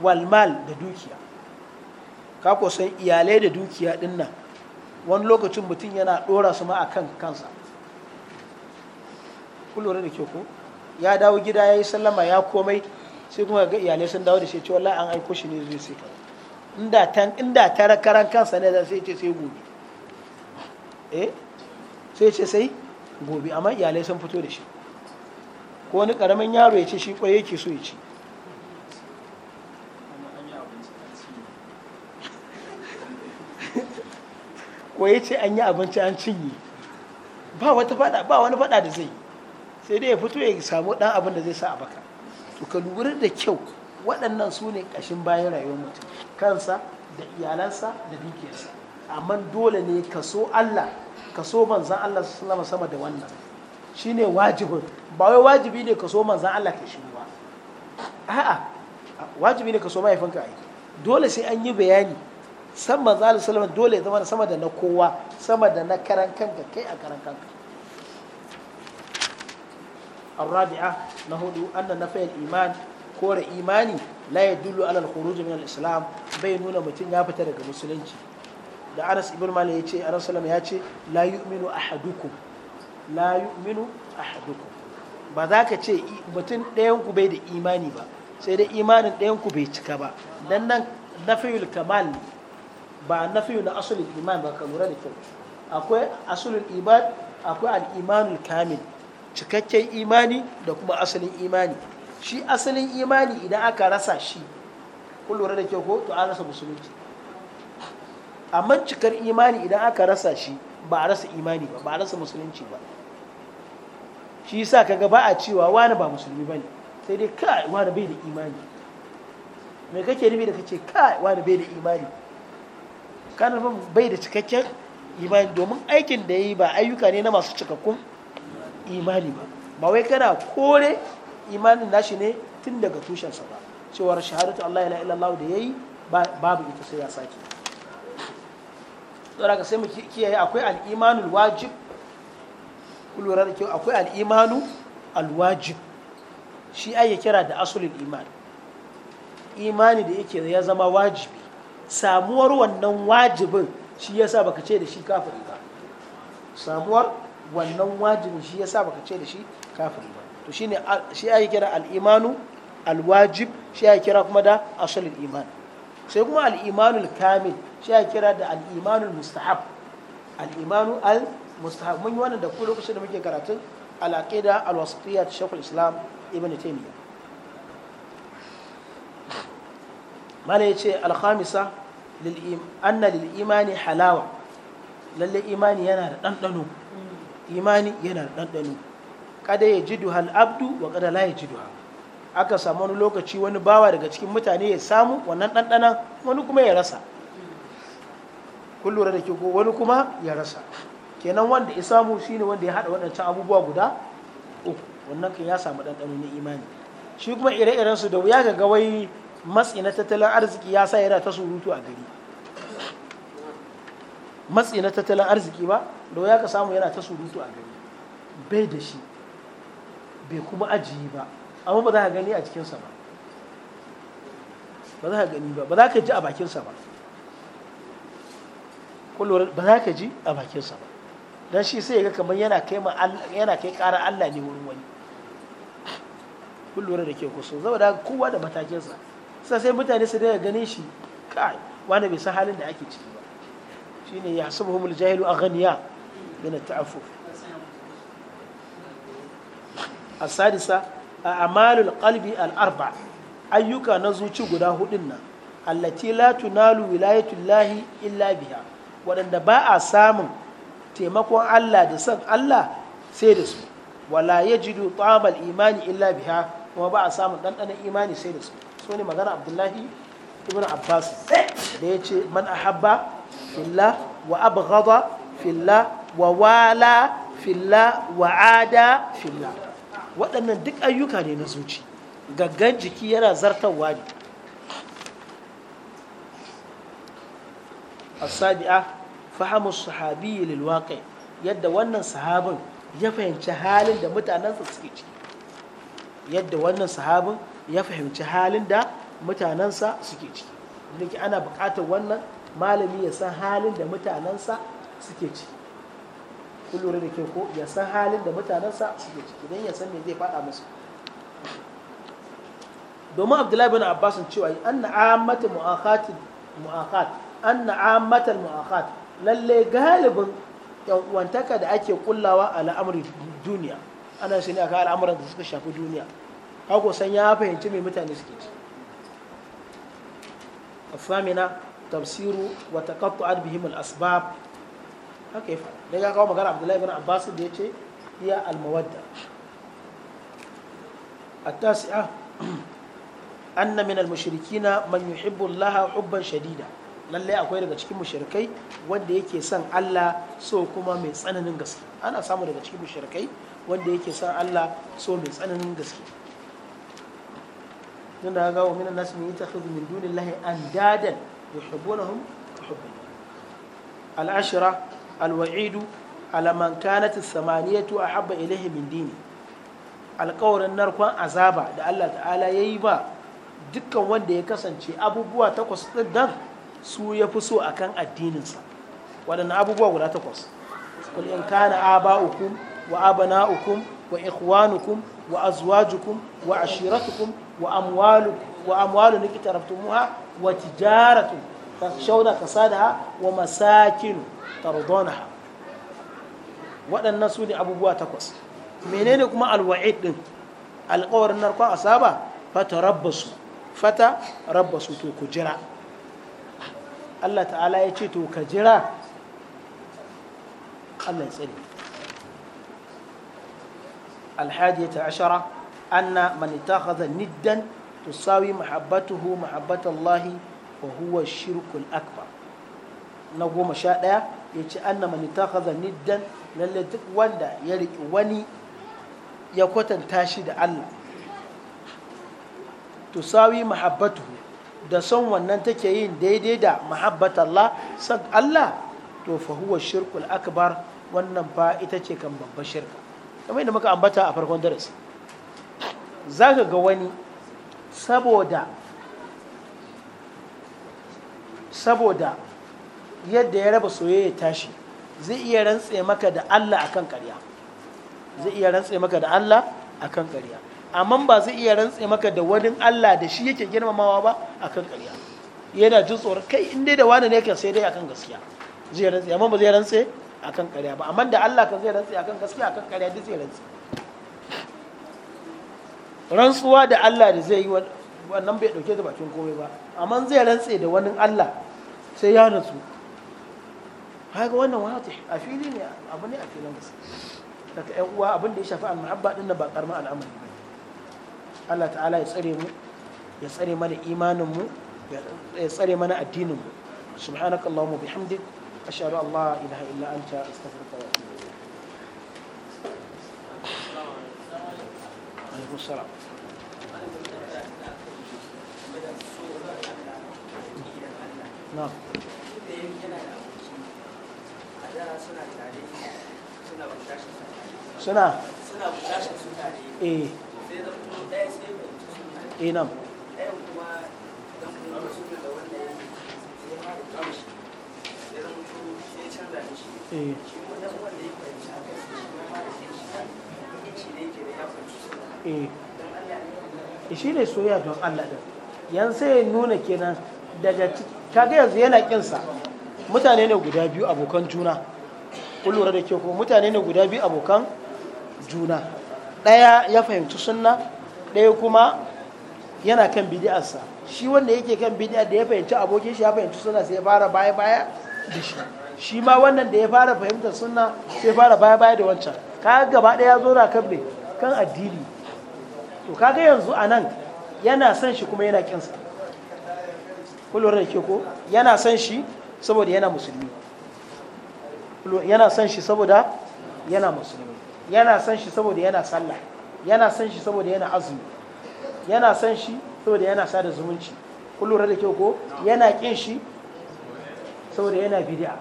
wal mal da dukiya ka san iyalai da dukiya ɗin nan wani lokacin mutum yana ɗora su ma a kan kansa kun lura da ke ko ya dawo gida ya yi sallama ya komai sai kuma ga iyalai sun dawo da shi cewa an aiko shi ne zai sai kaza inda ta karan kansa ne sai ce sai gobe eh sai ce sai gobe amma iyalai sun fito da shi ko wani karamin yaro ya ce shi kwaye yake so ya ci ko ya ce an yi abinci an cinye ba wata fada ba wani fada da zai yi sai dai ya fito ya samu ɗan abin da zai sa a baka to ka lura da kyau waɗannan su ne ƙashin bayan rayuwar mutum kansa da iyalansa da dukiyarsa amma dole ne ka so Allah ka so manzan Allah sallama sama da wannan shine wajibin ba wai wajibi ne ka so manzan Allah ka shi ba a'a wajibi ne ka so mahaifinka ai dole sai an yi bayani san manzan Allah sallama dole ya zama sama da na kowa sama da na karan kanka kai a karan kanka الرابعة نهدو أن نفي الإيمان كور إيماني لا يدل على الخروج من الإسلام بينونا متن daga musulunci da Anas ibn Malik ya ce Anas sallam ya ce la yu'minu ahadukum la yu'minu ahadukum ba za ka ce mutum ɗayan ku bai da imani ba sai dai imanin ɗayan ku bai cika ba dan nan nafiyul kamal ne ba nafiyu na asulul iman ba ka lura da kyau akwai asulul iman akwai al-imanul kamil cikakken imani da kuma asalin imani shi asalin imani idan aka rasa shi kun lura da kyau ko to an rasa musulunci amma cikar imani idan aka rasa shi ba a rasa imani ba ba a rasa musulunci ba shi yasa kaga ba a cewa wani ba musulmi ba ne sai dai kai wani bai da imani me kake nufi da kace kai wani bai da imani kana bai da cikakken imani domin aikin da yi ba ayyuka ne na masu cikakkun imani ba ba wai kana kore imanin nashi ne tun daga tushensa ba cewar shahadatu Allah ya illallah da yayi babu ita sai ya sake don haka sai mu kiyaye akwai al'imanul wajib lura da kyau akwai al'imanu alwajib shi ai kira da asulin iman imani da yake ya zama wajibi samuwar wannan wajibin shi yasa baka ce da shi kafiri ba samuwar wannan wajibin shi yasa baka ce da shi kafiri ba to shine shi ya kira al-imanu al-wajib shi ya kira kuma da asalin iman sai kuma al-imanul kamil shi ya kira da al-imanul mustahab al-imanu al-mustahab mun yi wannan da ku lokacin da muke karatun al-aqida al-wasatiyya ta shaykhul islam ibn taymiyyah mala yace al-khamisa lil anna lil imani halawa lalle imani yana da ɗanɗano. imani yana da ɗanɗano kada ya ji duhal abdu wa kada la ya ji duha aka samu wani lokaci wani bawa daga cikin mutane ya samu wannan ɗanɗana wani kuma ya rasa kun da ke ko wani kuma ya rasa kenan wanda ya samu shine wanda ya haɗa waɗancan abubuwa guda uku wannan kan ya samu ɗanɗano na imani shi kuma ire-irensu da wuya ga gawai matsi na tattalin arziki ya sa yana ta surutu a gari matsi na tattalin arziki ba da ya ka samu yana ta surutu a gari bai da shi bai kuma ajiye ba amma ba za ka gani a cikinsa ba ba za ka gani ba ba za ka ji a bakinsa ba kullum ba za ka ji a bakinsa ba don shi sai ga kamar yana kai yana ƙara Allah ne wurin wani kullum da ke kusa zama da kowa da matakinsa sai sai mutane su daga ganin shi kai wani bai san halin da ake ciki shine yahsabuhumul jahilu aghniya min at-ta'affuf as a'malul qalbi al-arba ayyuka na zuci guda hudun nan allati la tunalu lahi illa biha waɗanda ba a samun taimakon Allah da san Allah sai da su wala yajidu imani illa biha kuma ba a samun ɗanɗanon imani sai da su so ne magana abdullahi ibn abbas da yace ce man ahabba fillah wa abghada fillah wa wala fillah wa ada fillah waɗannan duk ayyuka ne na zuci gaggan jiki yana zartarwa ne asabi'a fahimu sahabi lil waqi yadda wannan sahabin ya fahimci halin da mutanensa suke ciki yadda wannan sahabin ya fahimci halin da mutanensa suke ciki ana buƙatar wannan malami ya san halin da mutanensa suke ci ku lura da ke ko ya san halin da mutanensa suke ci idan ya san me zai faɗa musu domin abdullahi bin abbas cewa an na'amata mu'akhat mu'akhat an na'amata mu'akhat lalle galibin yan da ake kullawa a al'amari duniya ana shi ne akan al'amuran da suka shafi duniya hako san ya fahimci me mutane suke ci afamina tafsiru wa taqatta'at bihim al-asbab haka ya faɗa daga kawo magana Abdullahi ibn Abbas da yace ya al-mawadda التاسعة أن من mushrikina من يحب الله hubban Shadida lalle akwai daga cikin mushrikai wanda yake son Allah so kuma mai tsananin gaske ana samu daga cikin mushrikai wanda yake son Allah so mai tsananin gaske tunda ga wa minan nas min yattakhidhu min an dadan. yuhibbunahum al-ashra al-wa'idu ala man kanat as dini alƙawarin narkon azaba da Allah ta'ala yayi ba dukkan wanda ya kasance abubuwa takwas din nan su ya fi so akan addininsa waɗannan abubuwa guda takwas kul in kana aba'ukum wa abana'ukum wa ikhwanukum wa azwajukum wa ashiratukum wa amwalukum wa tijaratu takshawna kasadaha wa masakin tardonaha waɗannan su ne abubuwa takwas menene kuma alwa'id din alƙawarin narkon asaba fata rabbasu fata rabbasu to ku jira Allah ta'ala ya ce to ka jira Allah ya tsare الحادية عشرة أن من اتخذ ندا tusawi mahabbatuhu mahabbatallahi wa huwa shirkul na goma sha ɗaya ya ce anna man ittakhadha niddan lalle duk wanda ya riki wani ya kwatanta shi da Allah tusawi mahabbatuhu da son wannan take yin daidai da mahabbatallah san Allah to fahuwar huwa shirkul akbar wannan fa ita ce kan babbar shirka kamar yadda muka ambata a farkon darasi zaka ga wani saboda saboda yadda ya raba soyayya tashi zai iya rantse maka da Allah akan ƙarya zai iya rantse maka da Allah akan ƙarya amma ba zai iya rantse maka da wani Allah da shi yake girmamawa ba akan ƙarya yana jin tsoron kai in dai da wani ne kan sai dai akan gaskiya zai rantse amma ba zai rantse akan ƙarya ba amma da Allah kan zai rantse akan gaskiya akan ƙarya duk zai rantse rantsuwa da Allah da zai yi wannan bai dauke da bakin komai ba amma zai rantse da wani Allah sai ya rantsu haka wannan wani a fili ne abu ne a filin gaske daga yan uwa abin da ya shafi al-muhabba din ba karma al'amari ba Allah ta'ala ya tsare mu ya tsare mana imanin mu ya tsare mana addinin mu subhanakallahumma bihamdik ashhadu an la ilaha illa anta astaghfiruka wa atubu alaikum na'am suna suna Eh, shi ne soya don Allah din yan sai ya nuna kenan daga kaga yanzu yana sa mutane ne guda biyu abokan juna kullura da ke ko mutane ne guda biyu abokan juna ɗaya ya fahimci sunna ɗaya kuma yana kan sa shi wanda yake kan bidi'ar da ya fahimci abokin shi ya fahimci sunna sai ya fara baya baya da shi shi ma wannan da ya fara fahimtar sunna sai ya fara baya baya da wancan ka gaba ɗaya zo na kan kan addini to kaga yanzu a nan yana son shi kuma yana kinsa kullum da ke ko yana son shi saboda yana musulmi yana son shi saboda yana musulmi yana son shi saboda yana sallah yana son shi saboda yana azumi yana son shi saboda yana sada zumunci kullum da ke ko yana kin shi saboda yana bid'a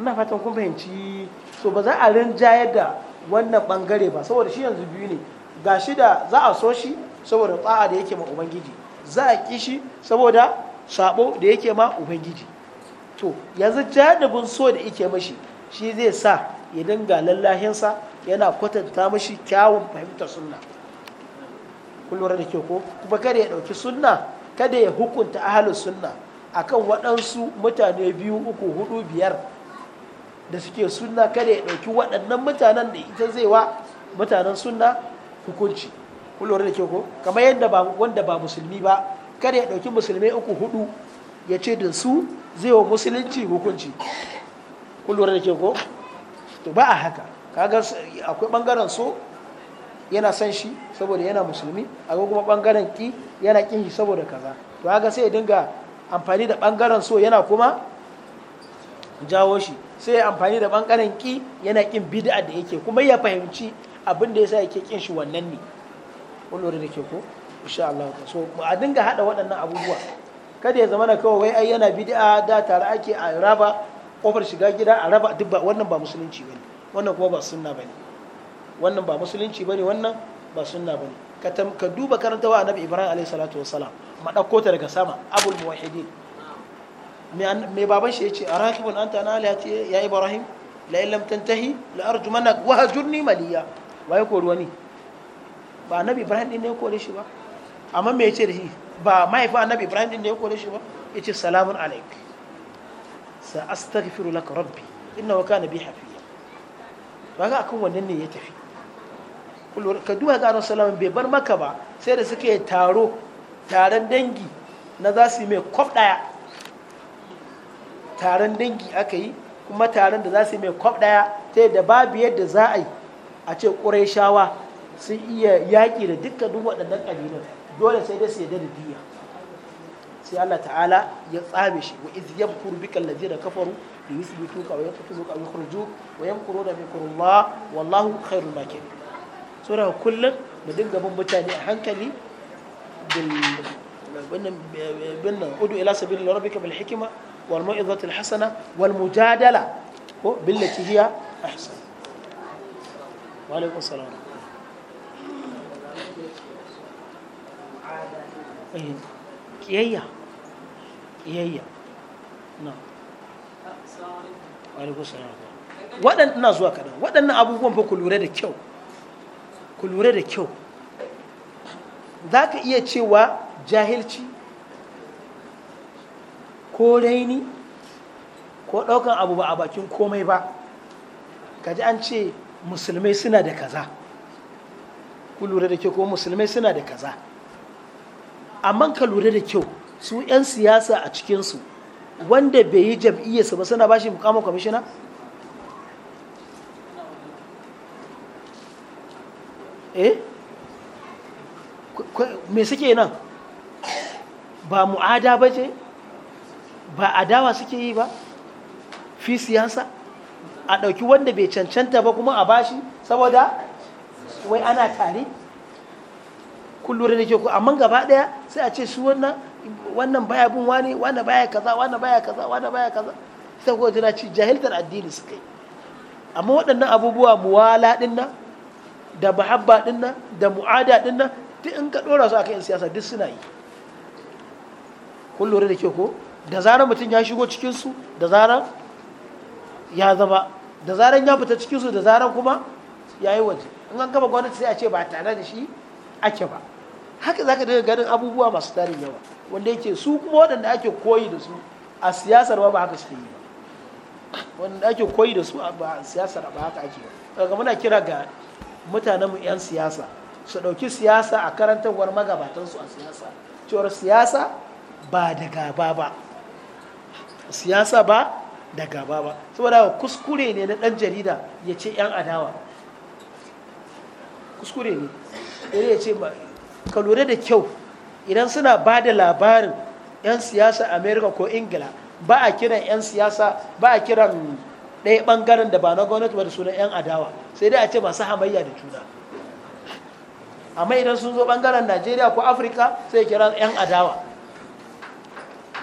ina fatan kun fahimci so ba za a rinjayar da wannan bangare ba saboda shi yanzu biyu ne ga shi da za a so shi saboda tsa'a da yake ma ubangiji za a ki shi saboda sabo da yake ma ubangiji to yanzu jadabin so da yake mashi shi zai sa ya dinga lallahinsa yana kwatanta mashi kyawun fahimtar sunna kun da ke ko kuma kada ya ɗauki sunna kada ya hukunta ahalin sunna akan waɗansu mutane biyu uku hudu biyar da suke sunna kada ya ɗauki waɗannan mutanen da ita zai wa mutanen sunna hukunci kullum da ke ko kamar yadda wanda ba musulmi ba kada ya ɗauki musulmai uku hudu ya ce da su zai wa musulunci hukunci kullum da ke ko to ba a haka kaga akwai ɓangaren so yana son shi saboda yana musulmi akwai kuma ɓangaren ki yana ƙin shi saboda kaza to haka sai ya dinga amfani da ɓangaren so yana kuma jawo shi sai amfani da bangaren ki yana kin bid'a da yake kuma ya fahimci abin da yasa yake kin shi wannan ne kullure da ke ko insha Allah so a dinga hada waɗannan abubuwa kada ya zama na kawai wai ai yana bid'a da tare ake a raba kofar shiga gida a raba duk ba wannan ba musulunci bane wannan kuma ba sunna bane wannan ba musulunci bane wannan ba sunna bane ka duba karantawa annabi Ibrahim alaihi salatu wassalam ma dauko ta daga sama abul muwahhidin Mai baban shi ya ce a rakibin anta na alati ya ibrahim la illam tantahi la arjumanak wa hajurni maliya waye ko ruwani ba annabi ibrahim din ne ya kore shi ba amma me yace da shi ba mahaifin annabi ibrahim din ne ya kore shi ba yace salamun alaik sa astaghfiru laka rabbi wa kana bi hafiya kaga akan wannan ne ya tafi ka duba ga annabi sallallahu bai bar maka ba sai da suke taro taron dangi na za su yi mai kwaf daya taron dangi aka yi kuma taron da za su yi mai kwab ɗaya ta yadda babu yadda za a yi a ce ƙurayshawa sun iya yaƙi da dukkan duk waɗannan ƙabilun dole sai dai su yadda da diya sai Allah ta'ala ya tsame shi wa iz yamkuru bika allazina kafaru li yuthbituka wa yaqtuluka wa yukhrijuk wa yamkuruna bi qurullah wallahu khairul makirin so da mu dinga bin mutane a hankali bil bin bin udu ila sabili rabbika bil hikma wal mau'izatil hasana wal mujadala ko billati hiya ahsan wa alaikum waɗannan zuwa kaɗan waɗannan abubuwan fa ku lura da kyau ku lura da kyau za ka iya cewa jahilci ko raini ko ɗaukan abu ba a bakin komai ba kaji an ce musulmai suna da kaza ku lura da kyau ko musulmai suna da kaza amma ka lura da kyau su 'yan siyasa a cikinsu wanda bai yi jam'iyyarsa ba suna ba shi mukamin kwamishina eh me suke nan ba mu'ada ba ce ba adawa suke yi ba fi siyasa a ɗauki wanda bai cancanta ba kuma a bashi saboda wai ana tare kullum da ke ku amma gaba ɗaya sai a ce su wannan wannan baya bin wani wani baya kaza wani baya kaza wani baya kaza ita kuwa tana ci jahiltar addini suka yi amma waɗannan abubuwa muwala ɗinnan da muhabba ɗinnan da mu'ada ɗinnan duk in ka ɗora su a kan siyasa duk suna yi kullum da ke ku da zarar mutum ya shigo cikinsu da zarar ya zama da zarar ya fita cikinsu da zarar kuma ya yi waje in an kama gwamnati sai a ce ba tare da shi ake ba haka za ka daga ganin abubuwa masu tarin yawa wanda yake su kuma waɗanda ake koyi da su a siyasar ba haka suke yi ba wanda ake koyi da su a siyasar ba haka ake ba daga muna kira ga mutanenmu 'yan siyasa su ɗauki siyasa a karantarwar magabatansu a siyasa cewar siyasa ba da gaba ba siyasa ba da gaba ba saboda kuskure ne na ɗan jarida ya ce 'yan adawa kuskure ne ya ce ka lura da kyau idan suna ba da labarin 'yan siyasa america ko ingila ba a kiran 'yan siyasa ba a kiran ɗaya ɓangaren da ba na gwamnati ba da suna 'yan adawa sai dai a ce masu hamayya da juna amma idan sun zo ɓangaren najeriya ko afirka sai kiran 'yan adawa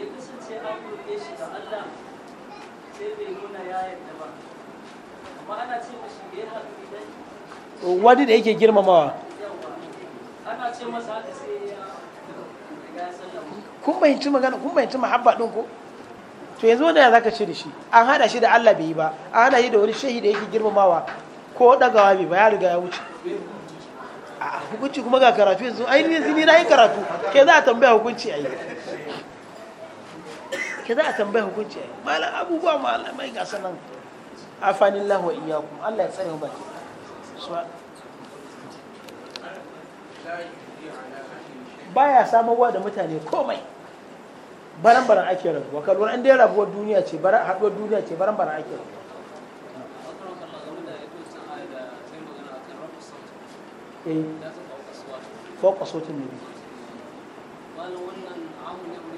ya kasance an roƙe shi Allah sai bai nuna ya yarda ba amma ana ce mashi ya yi haƙuri wani da yake girmamawa ana ce masa haka sai ya kun bayyanci magana kun bayyanci mahabba din ko to yanzu wanda zaka ce da shi an hada shi da Allah bai yi ba an hada shi da wani shehi da yake girmamawa ko dagawa bai ba ya riga ya wuce a hukunci kuma ga karatu yanzu ai ne zini na yi karatu ke za a tambaya hukunci a yi ke za a tambaya hukunci ai malam abubuwa malamai ga sanan afanin iya kuma Allah ya tsare mu baki baya samarwa da mutane komai baran baran ake rabuwa wa kalwar inda ya rabuwar duniya ce haɗuwar duniya ce baran baran ake rabuwa eh wannan ne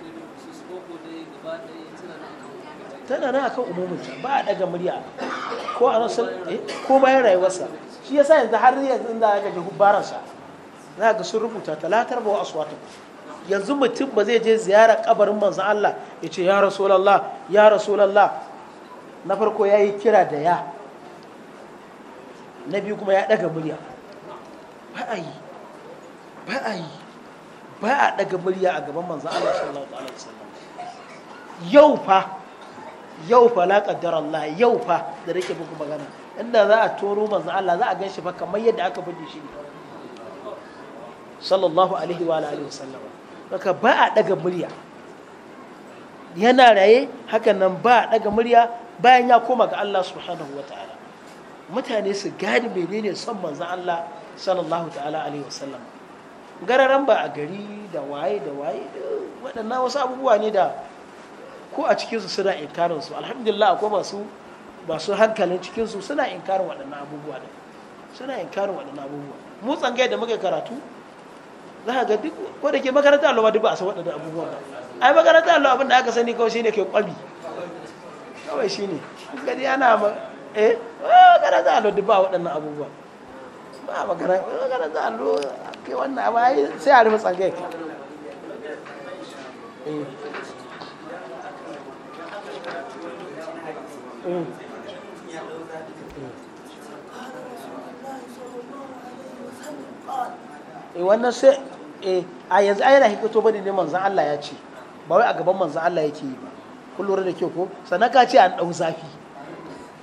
tana nan akan ta ba a daga murya ko a rasul eh, ko bayan rayuwarsa shi yasa yanzu har yanzu inda ga ji hubbaransa za ga sun rubuta talatar ba aswatu yanzu mutum ba zai je ziyara kabarin manzo Allah ya ce ya rasulullah ya rasulullah na farko ya yi kira da ya na biyu kuma ya daga murya ba a yi ba a yi ba a daga murya a gaban manzo Allah sallallahu alaihi wasallam yau fa yau fa la qaddara Allah yau fa da nake muku magana inda za a toro manzo Allah za a gan shi fa kamar yadda aka bude shi ne sallallahu alaihi wa alihi wasallam haka ba a daga murya yana raye hakan nan ba a daga murya bayan ya koma ga Allah subhanahu wa ta'ala. mutane su gadi menene son manzo Allah sallallahu ta'ala alaihi wasallam gararan ba a gari da waye da waye waɗannan wasu abubuwa ne da ko a cikinsu suna inkarin su alhamdulillah ko masu masu hankalin cikinsu suna inkarin waɗannan abubuwa ne suna inkarin waɗannan abubuwa mu tsange da muka karatu za ka ga duk ko da ke makaranta allo duk ba a san waɗannan abubuwa ba ai makaranta allo abin da aka sani kawai shine ke kwabi kawai shine gani ana ma eh makaranta allo duk ba waɗannan abubuwa ba makaranta allo ke wannan abu sai a rufe tsangaye eh Eh, wannan sai eh, a yanzu ai yana hikito bane ne manzan Allah ya ce ba wai a gaban manzan Allah yake yi ba kullum da kyau ko sannan ka ce an ɗau zafi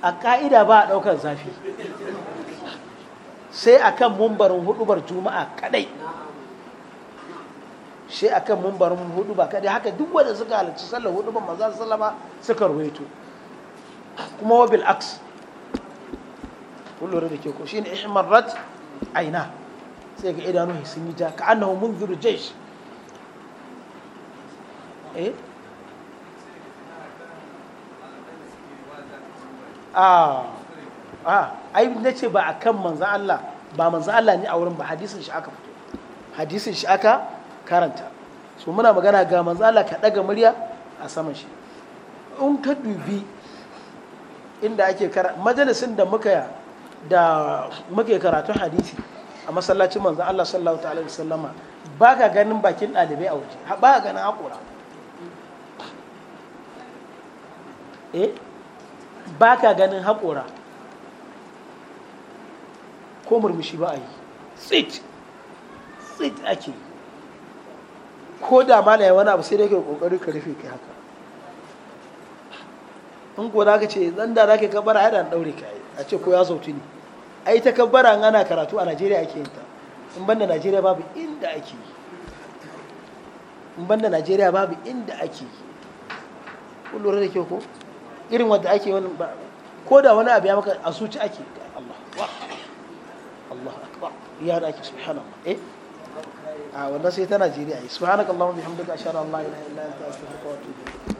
a ka'ida ba a ɗaukar zafi sai akan mumbarin hudubar juma'a kadai sai akan mumbarin hudu ba kadai haka duk wanda suka halarci sallar hudubar manzan sallama suka ruwaito kuma wa bil'aks kun da ke ko shi shine ihmarat aina sai ga idanu sun yi ja ka annahu munziru jesh. eh ah ah ai nace ba akan manzo Allah ba manzo Allah ne a wurin ba hadisin shi aka fito hadisin shi aka karanta so muna magana ga manzo Allah ka daga murya a saman shi in ka dubi inda ake kara majalisin da muka da muke karatun hadisi a masallacin manzon Allah sallallahu ta'ala wa sallama ba ka ganin bakin ɗalibai a waje ba ka ganin haƙura eh ba ka ganin haƙura ko murmushi ba a yi tsit tsit ake ko da ma na wani abu sai dai ka kokari ka rufe kai haka in ko za ka ce zan da za ka kabbara a da ɗaure ka a ce ko ya sautu ne yi ta kabbara an ana karatu a najeriya ake yin ta in ban da najeriya babu inda ake yi in ban da najeriya babu inda ake yi lura da kyau ko irin wanda ake wani ba ko da wani abu ya maka a suci ake Allah wa Allah akbar ya da ake subhanallah eh a wannan sai ta najeriya subhanakallahumma bihamdika ashhadu an la ilaha illa anta astaghfiruka wa atubu ilayk